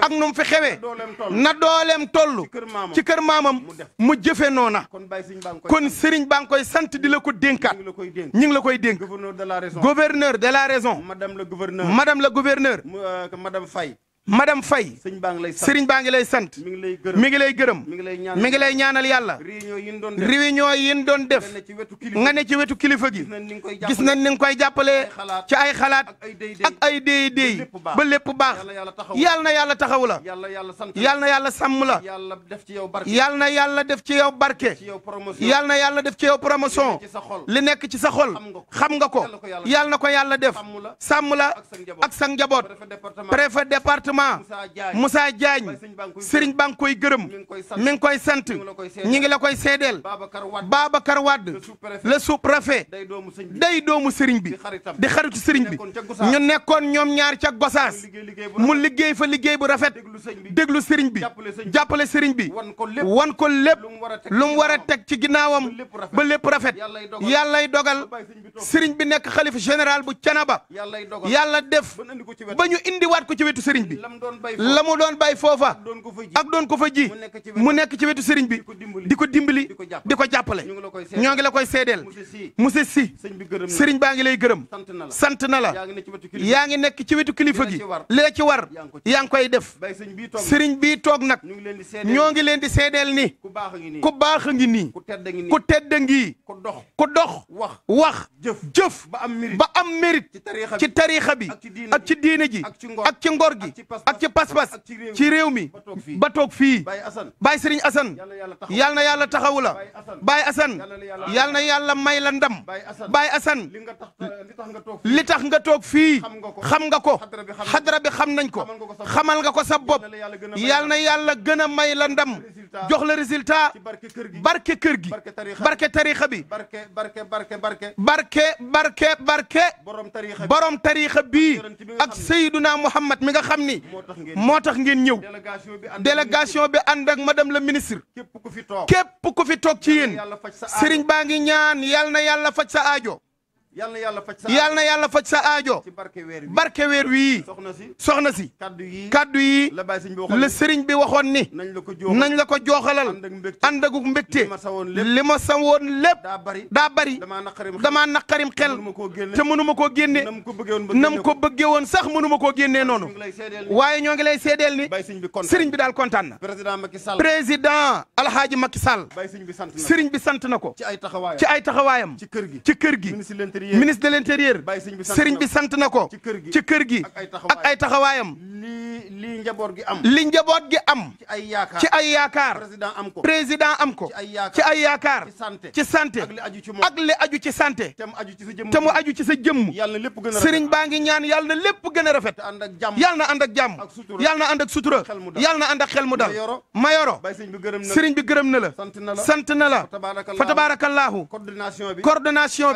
ak nu mu fi xewee na dooleem toll ci kër maamam mu jëfe noona kon sëriñ baa ngi koy sant di la ko dénkaat ñi ngi la koy dénk gouverneur de la raison gouverneur de la raison madame la gouverneur madame la gouverneur euh, madame Faye madame Faye sëriñ baa ngi lay sant baa ngi lay sant mi ngi lay gërëm mi ngi lay gërëm mi ngi lay ñaanal yàlla réunion yi ñu doon def nga ne ci wetu kilifa gi gis nañ ni nga koy jàppalee ci ay xalaat ak ay déy déy ba lépp baax yàlla na yàlla taxaw la yàlla na yàlla sàmm la yàlla na yàlla def ci yow barke yàlla na yàlla def ci yow promotion li nekk ci sa xol xam nga ko yàlla na ko yàlla def sàmm la ak sa njaboot préfet département Kama Moussa Diagne Serigne baa ngi koy gërëm mi ngi koy sant ñi ngi la koy seedeel Babacar Wade le sous-préfet day doomu Serigne bi di xaritu Serigne bi ñu nekkoon ñoom ñaar ca Gosaas mu liggéey fa liggéey bu rafet déglu Serigne bi jàppale Serigne bi wan ko lépp lu mu war a teg ci ginnaawam ba lépp rafet yàllay dogal Serigne bi nekk xalifa général bu Canaba yàlla def ba ñu indiwaat ko ci wetu Serigne bi. la mu doon bay foofa ak doon ko fa ji mu nekk ci wetu sëriñ bi di ko dimbali di ko jàppale ñoo ngi la koy seedeel monsieur si sëriñ baa ngi lay gërëm sant na la yaa ngi nekk ci wetu kilifa gi li la ci war yaa ngi koy def sëriñ bii toog nag ñoo ngi leen di seedeel ni ku baax a ngi nii ku tedd a ngi ku dox wax jëf ba am mérite ci tariixa bi ak ci diine ji ak ci ngor gi ak ci pas-pas ci réew mi ba toog fii Baye Serigne Assane yal na yàlla taxawu la Baye Assane yal na yàlla may la ndam Baye Assane li tax nga toog fii xam nga ko xadra bi xam nañ ko xamal nga ko sa bopp yal na yàlla gën a may la ndam jox la résultat barke kër gi barke tarixa bi barke barke barke barke borom tarixa bii ak Seyduna Muhammad mi nga xam ni moo tax ngeen ñëw délégation bi ànd ak madame la ministre képp ku fi toog ci yéen sëriñ baa ngi ñaan yal na yàlla faj sa aajo yal na yàlla faj sa yal na yàlla faj sa aajo. barke weer wi barke weer wi soxna si soxna si. kaddu yi kaddu yi. la bàyyi sëriñ bi waxoon sëriñ bi waxoon ni. nañ la ko jooxal nañ la ko jooxalal. ànd ak mbégte li ma sawoon lépp li ma sawoon lépp. daa bari daa bari. damaa naqarim xel te mënuma koo génne. nam ko bëggee woon sax mënuma koo génnee noonu. waaye ñoo ngi lay seedeel ni. sëriñ bi daal kontaan na. président Macky Sall président Alhaji Macky Sall. sëriñ bi sant na ko ci ay taxawaayam ci kër gi ministre de l'intérieur sëriñ bi sant na ko ci kër gi ak ay taxawaayam li njaboot gi am li njaboot gi am ci ay yaakaar président am ko ci ay yaakaar ci santé ak li aju ci santé te mu aju ci sa jëmm sëriñ baa ngi ñaan yàlla na lépp gën a rafet yàlla na ànd ak jàmm yàlla na ànd ak sutura yàlla na ànd ak xel mu dal mayoro sëriñ bi gërëm na la sant na la fa tabaarakallaahu coordination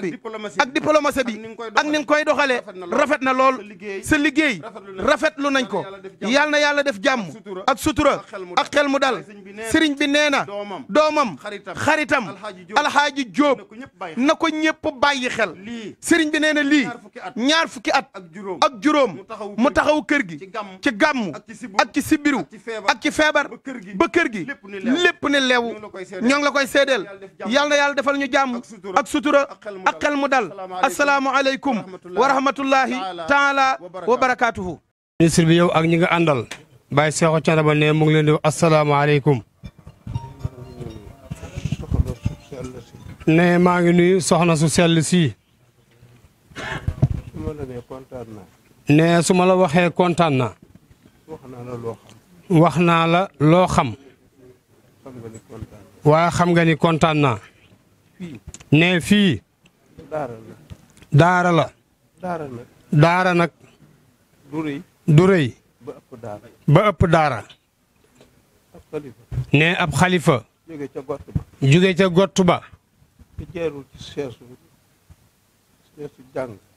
bi ak diplomatie bi ak ni nga koy doxalee rafet na lool sa liggéey rafetlu nañ ko yal na yàlla def jàmm ak sutura ak xel mu dal sëriñ bi nee na doomam xaritam alxaaji Jóob na ko ñëpp bàyyi xel sëriñ bi nee na lii ñaar fukki at ak juróom mu taxaw kër gi ci gàmm ak ci sibiru ak ci feebar ba kër gi lépp ne leew ñoo ngi la koy seedeel yal na yàlla defal ñu jàmm ak sutura ak xel mu dal asalaamualeykum wa rahmatullahi taala wa barakaatuhu. ministre bi yow ak ñi nga àndal. Baye Seexu Canaba ne mu ngi leen di wax asalaamualeykum. ne maa ngi nuyu soxna su sell sii. ne su ma la waxee kontaan na. wax naa la loo xam. waaye xam nga ni kontaan naa. ne fii. daara la. daara nag. daara nag. du rëy. ba ëpp daara. ba ab xalifa. jóge ca gott ba. jóge ca gott ba.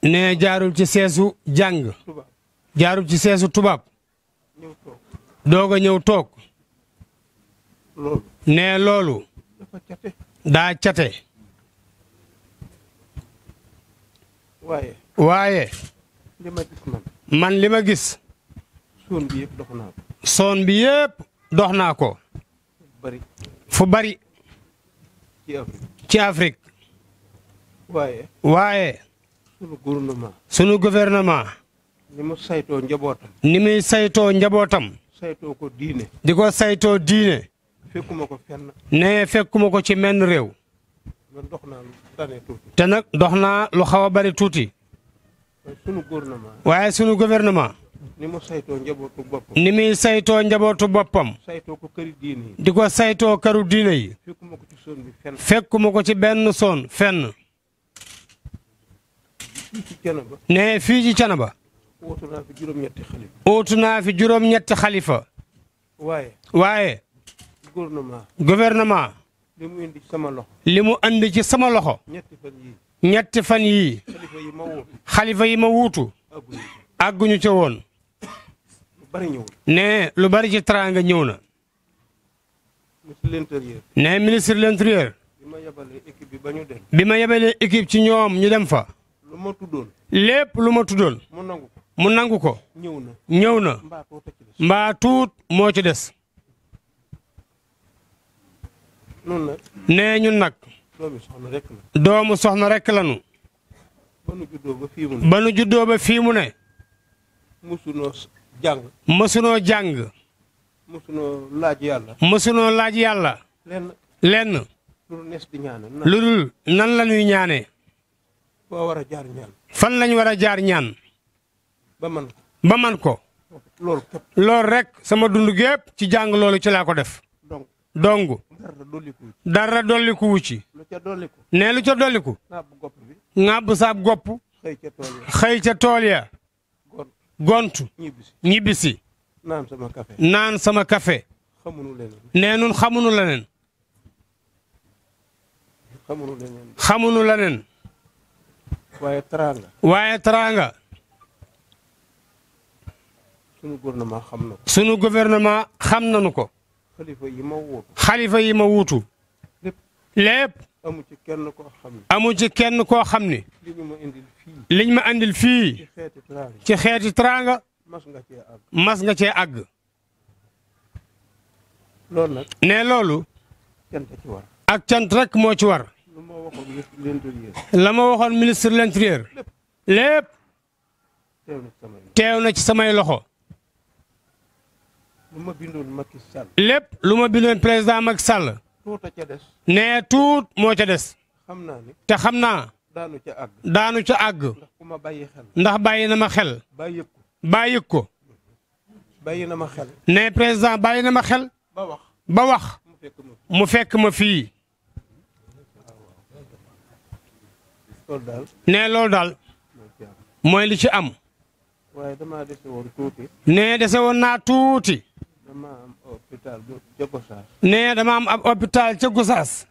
ne jaarul ci seesu jàng. jaarul ci seesu tubaab. ñëw toog. doog a ñëw toog. loolu. loolu. dafa cate. daa cate. waaye. man. li ma gis. soon bi yëpp dox naa ko. bi yëpp dox naa ko. fu bari. ci Afrique. waaye. waaye. sunu gouvernement. sunu gouvernement. ni saytoo njabootam. ni saytoo njabootam. saytoo ko diine. di ko saytoo diine. fekkuma ko nee fekkuma ko ci menn réew. man dox naa te nag dox naa lu xaw a bari tuuti. waaye sunu gouvernement. waaye sunu gouvernement. ni mu saytoo njabootu ni muy saytoo njabootu boppam. saytoo ko këri diine yi. di ko saytoo këru diine yi. fekkuma ko ci ko ci benn zone fenn. ne fii ci Canaba. ootu naa fi juróom-ñetti xalifa. naa fi juróom xalifa. waaye. waaye. gouvernement. li mu indi ci sama loxo. li mu indi ci sama loxo. ñetti fan yii. ñetti fan xalifa yi ma wuutu. xalifa yi ma wuutu. àgguñu ca woon. lu bari ñëw ne lu bari ci teraanga ñëw na. ministre de l'intérieur. ne bi ma yebalee équipe bi équipe ci ñoom ñu dem fa. lu ma tuddoon. lépp lu ma tuddoon. mu nangu ko mu nangu ko. mbaa tuut moo ci des. nee ñun nag. doomu soxna rek lanu. ba nu juddoo ba fii mu ne. mësunoo jàng. mësunoo jàng. mësunoo laaj yàlla. mësunoo laaj yàlla. lenn. lenn. lu dul nan la ñuy ñaanee. foo war a jaar fan lañ war a jaar ñaan. ba man ko. ba man ko. loolu rek sama dund gépp ci jàng loolu ci laa ko def. dong dara dolliku wu ci ne lu ca dolliku ŋàbb saab gopp xëy ca tool ya gontu ñibbisi naan sama kafe nee nun xamunu leneen xamunu leneen waaye taraanga waaye taraanga sunu gouvernement xam na sunu gouvernement xam nanu ko xalifa yi ma wuutu. xalifa yi ma wuutu. lépp. amu ci kenn koo xam ne. amu ci ma indil fii. ci xeeti teraanga. mas nga cee àgg. mas nga cee àgg. loolu nag. ne loolu. cant ci ak cant rek moo ci war. la ma waxoon ministre de l'intérieur. lépp. teew na ci samay loxo. lu ma bindoon Macky Sall. lépp lu ma bindoon président Macky Sall. tuuta ca des. nee tuut moo ca des. xam naa ne te xam naa. daanu ca àgg. daanu ca àgg. ndax ma bàyyi xel. ndax bàyyi na ma xel. bàyyi ko ko. bàyyi na ma xel. nee président bàyyi na ma xel. ba wax mu fekk ma fii. loolu daal. nee loolu daal. mooy li ci am. waaye damaa dese nee dese woon naa tuuti. dama am nee dama am ab hôpital ca Gosaas.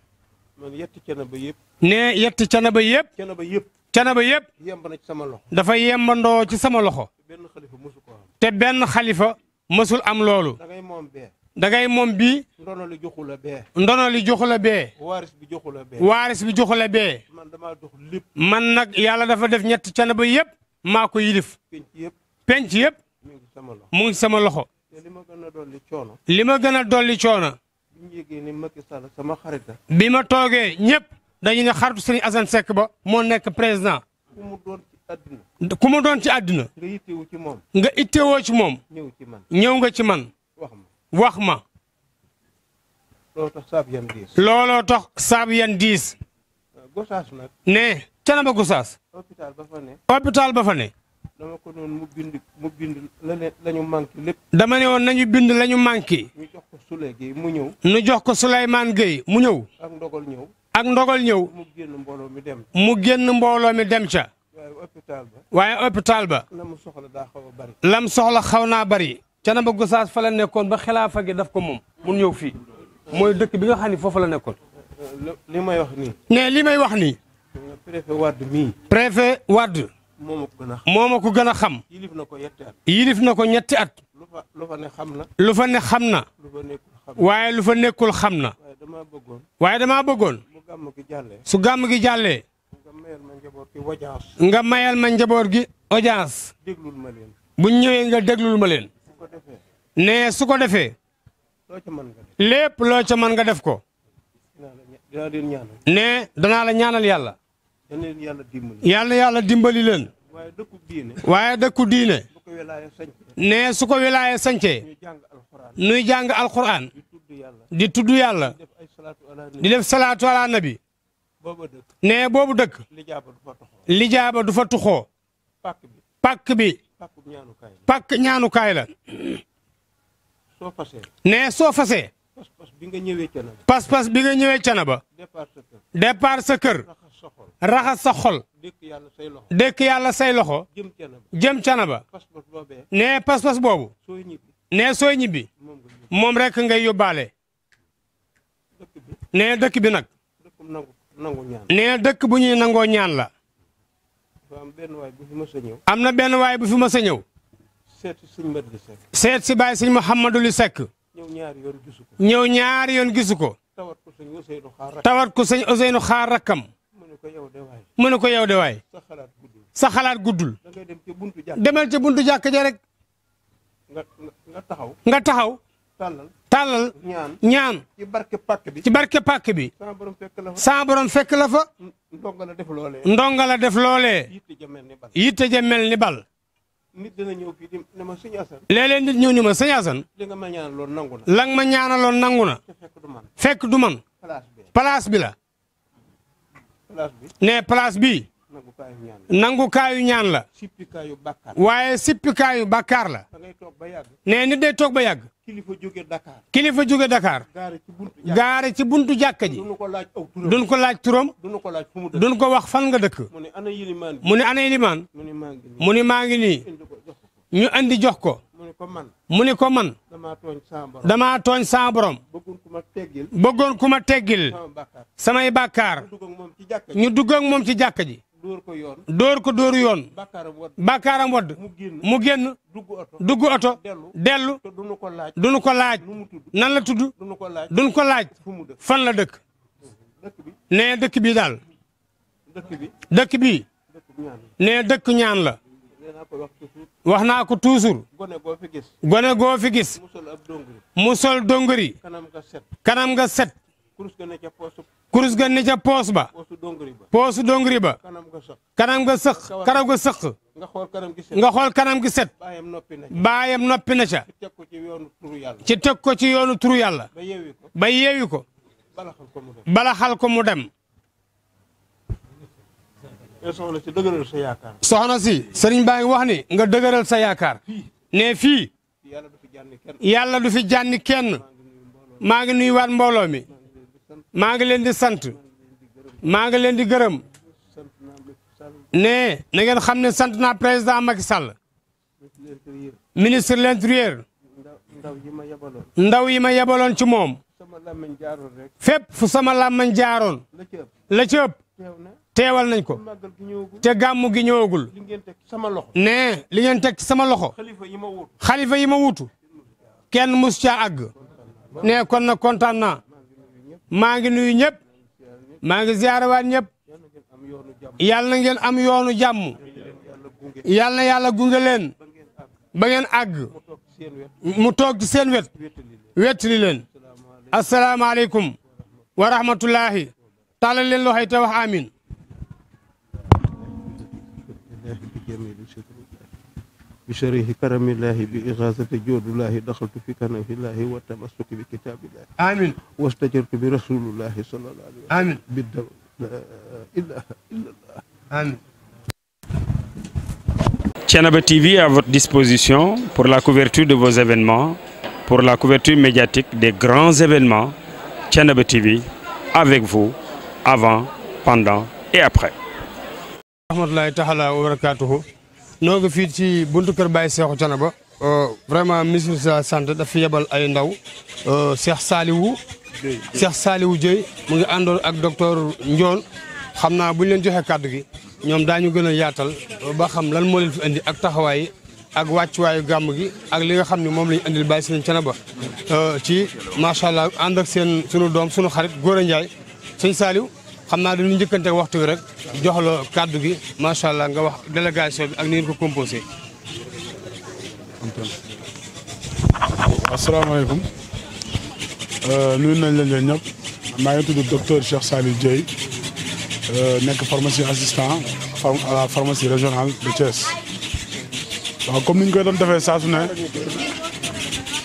man yett cana yëpp. nee yett cana ba yëpp. cana ba yëpp. cana ba yëpp. yemb na ci sama loxo. dafa yembandoo ci sama loxo. benn xalifa mësu te benn xalifa mësul am loolu. da ngay moom da ngay moom bii. ndono li ndono li joxu la bee. waaris bi joxu la bee. waaris bi joxu la bee. man damaa dox lépp. man nag yàlla dafa def ñett cana ba yëpp. maa ko yilif. penc yëpp. penc yëpp. mu ngi sama loxo. te li ma gën a dolli li ma gën dolli coono. bi ñu yëgee sama xarit la. ma toogee ñëpp dañu ne xaritu Serigne Assane Seck ba moo nekk président. ku ma doon ci àddina. ku mu doon ci nga itteewu ci moom. ñëw ci man ñëw nga ci man. wax ma wax ma. looloo tax saab yan diis. looloo tax saab euh, ne. ba fa ne. ba fa ne. dama ko noonu mu bind mu bind la lañu manqué lépp. dama ne woon nañu bind la ñu manqué. ñu jox ko Souley Gueye mu ñëw. ñu jox ko Souleymane Gueye mu ñëw. ak ndogal ñëw. ak ndogal ñëw. mu génn mbooloo mi dem. mu génn mbooloo mi dem ca. waaye hôpital ba. waaye hôpital ba. la mu soxla daa xaw a bari. la xaw naa bari. ca na ba Gosaas fa la nekkoon ba xilaafa gi daf ko moom. mu ñëw fii mooy dëkk bi nga xam ne foofu la nekkoon. li li may wax nii. préfet Wade mii. préfet Wade. moo ma ko gën a xam ko gën a xam. yilif na ko ñetti at. yilif na ko ñetti at. lu fa lu fa ne xam na. lu fa ne waaye lu fa nekkul xam na. waaye damaa bëggoon. waaye damaa bëggoon. su gàmm gi jàllee. su gàmm gi jàllee. nga mayal ma njaboot gi audience. nga mayal ma njaboot gi audience. déglul ma leen. bu ñëwee nga déglul ma leen. su ko nee su ko defee. loo ca mën nga def. lépp loo ca mën nga def ko. nee danaa la ñaanal yàlla. yal na yàlla dimbali leen. waaye dëkku diine. ne su ko wilaaya sañcee. nuy jàng alxuraan. di tudd yàlla. di def salaatu ala nabi. ne boobu dëkk. lijaaba du fa tuxoo. pàkk bi. pàkk ñaanukaay la. ne soo fasee. pas-pas bi nga ñëwee cana ba. départ sa kër. raxas sa xol. dëkk yàlla say loxo. jëm canaba. nee pas-pas boobu. nee sooy ñibbi. moom rek ngay yóbbaale. nee dëkk bi nag. nee dëkk bu ñuy nangoo ñaan la. am na benn waay bu fi mës a ñëw. seet si bàyyi sëñ Mouhamadou li Seck. ñëw ñaari yoon gisu ko. tawat ku sëñ Ousseynou xaar rakkam. mu ne ko yaw de waay sa xalaat guddul demal ca buntu jàkk ja rek nga taxaw nga taxaw tàllal ñaan ci barke pàkk bi ci barke pàkk bi sa fekk la fa ndonga la def loole ndonga la def loolee yitte ja mel ni bal nit dina ñëw fii di ne ma sëñ Assane léeg nit ñëw ñu ma sëñ Assane li nga ma ñaanaloon nangu na la nga ma fekk du man place ne place bi nangukaayu ñaan la waaye sippikaayu bàkkaar la ne nit day toog ba yàgg kilifa jóge Dakar gaare ci buntu jàkka ji duñ ko laaj turam duñ ko wax fan nga dëkk mu ne ana yilimaan mu ne maa ngi nii ñu andi jox ko mu ni ko man damaa tooñ sama borom bëggoon ku ma teggil samay bàkkaar ñu dugg ak moom ci jàkka ji dóor ko dóoru yoon bàkkaaram wadd mu génn dugg oto dellu duñu ko laaj nan la tudd duñu ko laaj fan la dëkk nee dëkk bi daal dëkk bi nee dëkk ñaan la wax naa ko toujours. gone goo fi gis. gone goo fi gis. musol ab dongri. musol dongri. kanam nga set. kanam nga set. kurus ga ne ca poos. ca poos ba. poosu dongri ba. poosu dongri ba. kanam nga sëq. kanam nga sëq. kanam nga sëq. nga xool kanam gi set. nga xool kanam gi set. baayam noppi na ca. baayam noppi na ca. ci teg ko ci yoonu turu yàlla. teg ko ci yoonu turu yàlla. ba yeewi ko. ba yeewi ko. bala xal ko mu dem. soxla ci dëgëral sa yaakaar. soxna si sëriñ baa ngi wax ni nga dëgëral sa yaakaar. ne fii. yàlla du fi jànni kenn. maa ngi nuyuwaat mbooloo mi. maa ngi leen di sant. maa ngi leen di gërëm. ne na ngeen xam ne sant naa président Macky Sall. ministre l' intérieur. ndaw yi ma yebaloon ci moom. fépp fu sama làmmañ jaaroon. la teewal nañ ko te gàmmu gi ñëwagul nee li ngeen teg sama loxo xalifa yi ma wutu kenn mus caa àgg kon na kontaan naa maa ngi nuyu ñëpp maa ngi waat ñëpp yàlla na ngeen am yoonu jàmm yàlla na yàlla gunge leen ba ngeen àgg mu toog ci seen wet wettali leen asalaamaaleykum wa rahmatullahi tàllal leen loxoy te wax amin bisharihi karamillahi bi ixaasati joodullahi daxaltu fi kanafillahi wa tamassuki bi kitaabillahi amin wastajartu bi rasulillahi sallallahu alayhi wa sallam amin bidda la ilaha illallah amin Thiénaba TV à votre disposition pour la couverture de vos événements pour la couverture médiatique des grands événements Thiénaba TV avec vous avant pendant et après rahmatullahi taala wa barakatuhu noo ngi fii ci buntu kër Baye Cheikhou Thiénaba euh, vraiment ministre de la santé dafa yebal ay ndaw euh, Cheikh Saliou Cheikh Saliou Dieye mu ngi àndoon ak docteur Ndion xam naa bu ñu leen joxe kàddu gi ñoom daañu gën a yaatal euh, ba xam lan moo leen fi indi ak taxawaay ak wàccuwaayu gàmm gi ak li nga xam ne moom la ñu indil Baye Serigne Thiénaba ci macha allah ànd ak seen sunu doom sunu xarit Gora Ndiaye sëñ saaliw xam naa dañu njëkkante waxtu wi rek jox la kàddu gi macha allah nga wax délégation bi ak ni ngeen ko composé. asalaamaaleykum euh, nuyu nañ leen leen ñëpp maa ngi tudd docteur Cheikh Saliou Dieye euh, nekk pharmacie assistant à la pharmacie régionale de Thiès waaw comme ni ñu koy doon defee saa su ne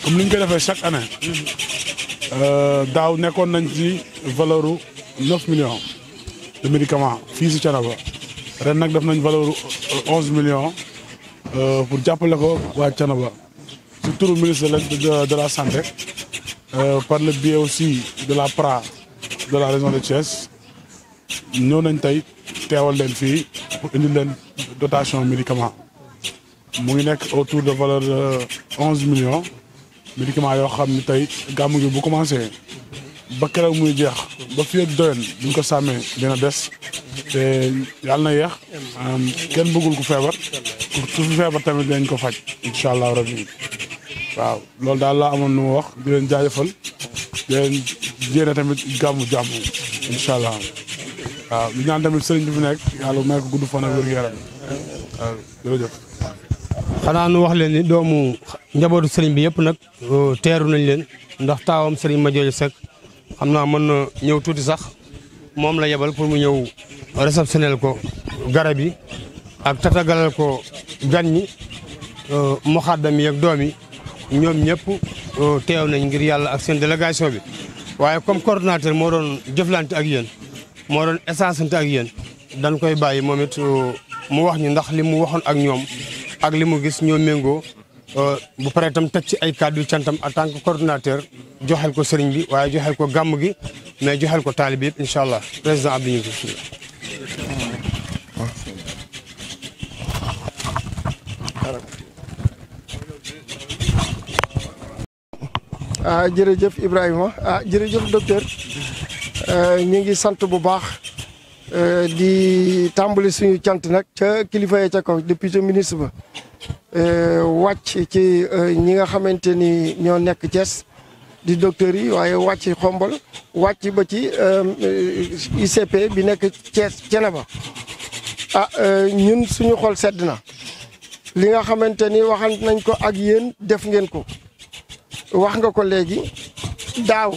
comme ni ñu defee chaque année euh, daaw nekkoon nañ ci valeuru neuf million de médicaments fii si Thiénaba ren nag def nañ valeur onze millions euh, pour jàppale ko waa Thiénaba si turu ministre de de la santé euh, par le biais aussi de la PRA de la région de Thiès ñëw nañ tey teewal leen fii pour indi leen dotation médicament mu ngi nekk autour de valeur euh, onze million médicament yoo xam ni tey gàmmu gi bu commencé ba keroog muy jeex ba fii ak doyen buñ ko sàmmee dina des te yàlla na yeex kenn bëggul ku feebar pour feebar tamit dinañ ko faj incha allah rabbi waaw loolu daal la amoon nu wax di leen jaajëfal di leen jéene tamit gàmmu jàmm incha allah waaw li ñaan tamit sëriñ bi fi nekk yàlla may ko gudd fan ak wér gu xanaa nu wax leen ni doomu njabootu sëriñ bi yëpp nag teeru nañ leen ndax taawam sëriñ Madior Seck xam naa mën na ñëw tuuti sax moom la yebal pour mu ñëw réceptionnel ko garab yi ak tatagalal ko gan ñi euh, moxaddam yi ak doom yi ñoom ñëpp euh, teew nañ ngir yàlla ak seen délégation bi waaye comme coordonnateur moo doon jëflante ak yéen moo doon essencante ak yéen dañ koy bàyyi moom it euh, mu wax ñu ndax li mu waxoon ak ñoom ak li mu gis ñoo méngoo Euh, bu paree tam teg ci ay kàddu yu cantam en tant que coordonnateur joxel ko sëriñ bi waaye joxel ko gàmm gi mais joxel ko taalib yëpp incha allah président Abdou Diouf ah jërëjëf Ibrahima ah jërëjëf docteur euh, ñu ngi sant bu baax euh, di tàmbali suñu cant nag ca kilifa ya ca kaw député ministre ba. Euh, wàcc ci euh, ñi nga xamante ni ñoo nekk Thiès di docteurs yi waaye wàcc xombol wàcc ba ci euh, ICP bi nekk Thiès Thiénaba ah ñun suñu xol sedd na li nga xamante ni waxan nañ ko ak yéen def ngeen ko wax nga ko léegi daaw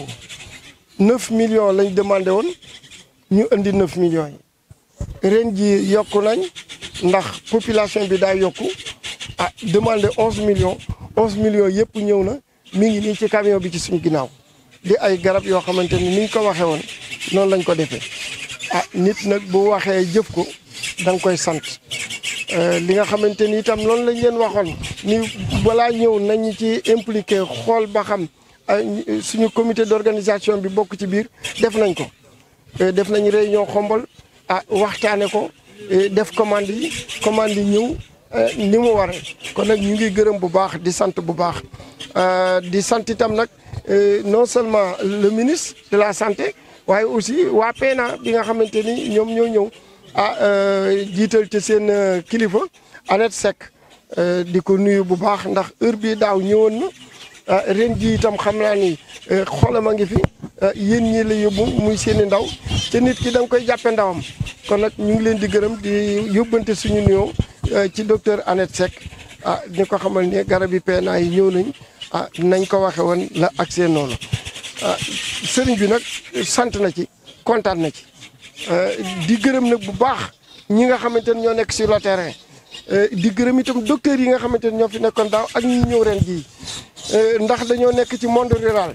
neuf million lañ demandé woon ñu indi neuf million yi ren ji yokku nañ ndax population bi daa yokku ah demandé onze million onze millions yëpp ñëw na mi ngi nii ci camion bi ci suñu ginnaaw li ay garab yoo xamante ni ni ñu ko waxe woon noonu lañ ko defee ah nit nag bu waxee jëf ko danga koy sant euh, li nga xamante ni itam loolu lañ leen waxoon ni balaa ñëw nañ ci impliqué xool ba xam suñu comité d'organisation bi bokk ci biir def nañ ko euh, def nañ réunion xombal ah waxtaane ko euh, def commande yi commande yi ñëw ni euh, mu waree kon nag ñu ngi gërëm bu baax di sant bu baax euh, di sant itam nag euh, non seulement le ministre de la santé waaye aussi waa PNA e bi nga xamante ni ñoom ñoo ñëw ah jiital ci seen kilifa Annette Seck di ko nuyu bu baax ndax heure bii daaw ñëwoon na ah, ren ji itam xam naa ni xolam a ngi fi ah, yéen ñii la yóbbu muy seeni ndaw te nit ki da koy jàppe ndawam kon nag ñu ngi leen di gërëm di yóbbante suñu nuyo Euh, ci docteur Annette Seck ah ñu ko xamal ne garab yi PNA yi ñëw nañ ah nañ ko waxe woon la accès noonu ah, sëriñ bi nag sant na ci kontaan na ci euh, di gërëm nag bu baax ñi nga xamante ne ñoo nekk sur le terrain euh, di gërëm itam docteurs yi nga xamante ne ñoo fi nekkoon daaw ak ñi ñëw ren jii ndax dañoo nekk ci monde rural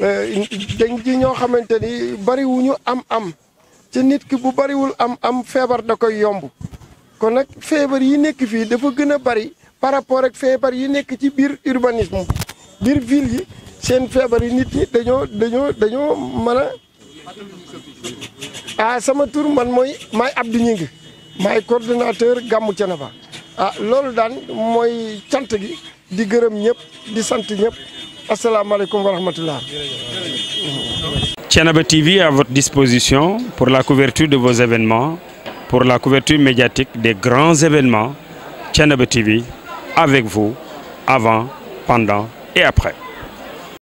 dañ ci ñoo xamante ni bariwuñu am am ci nit ki bu bariwul am am feebar da koy yomb kon nag feebar yi nekk fii dafa gën a bari par rapport ak feebar yi nekk ci biir urbanisme biir ville yi seen feebar yi nit ñi dañoo dañoo dañoo mën a ah sama tur man mooy may maay Abdou Gningue maay coordonnateur Gàmmu Thiénaba ah loolu daan mooy cant gi di gërëm ñëpp di sant ñëpp asalaamaaleykum wa rahmatullah. Thiénaba TV à votre disposition pour la couverture de vos événements. pour la couverture médiatique des grands événements Thiénaba TV avec vous avant, pendant et après.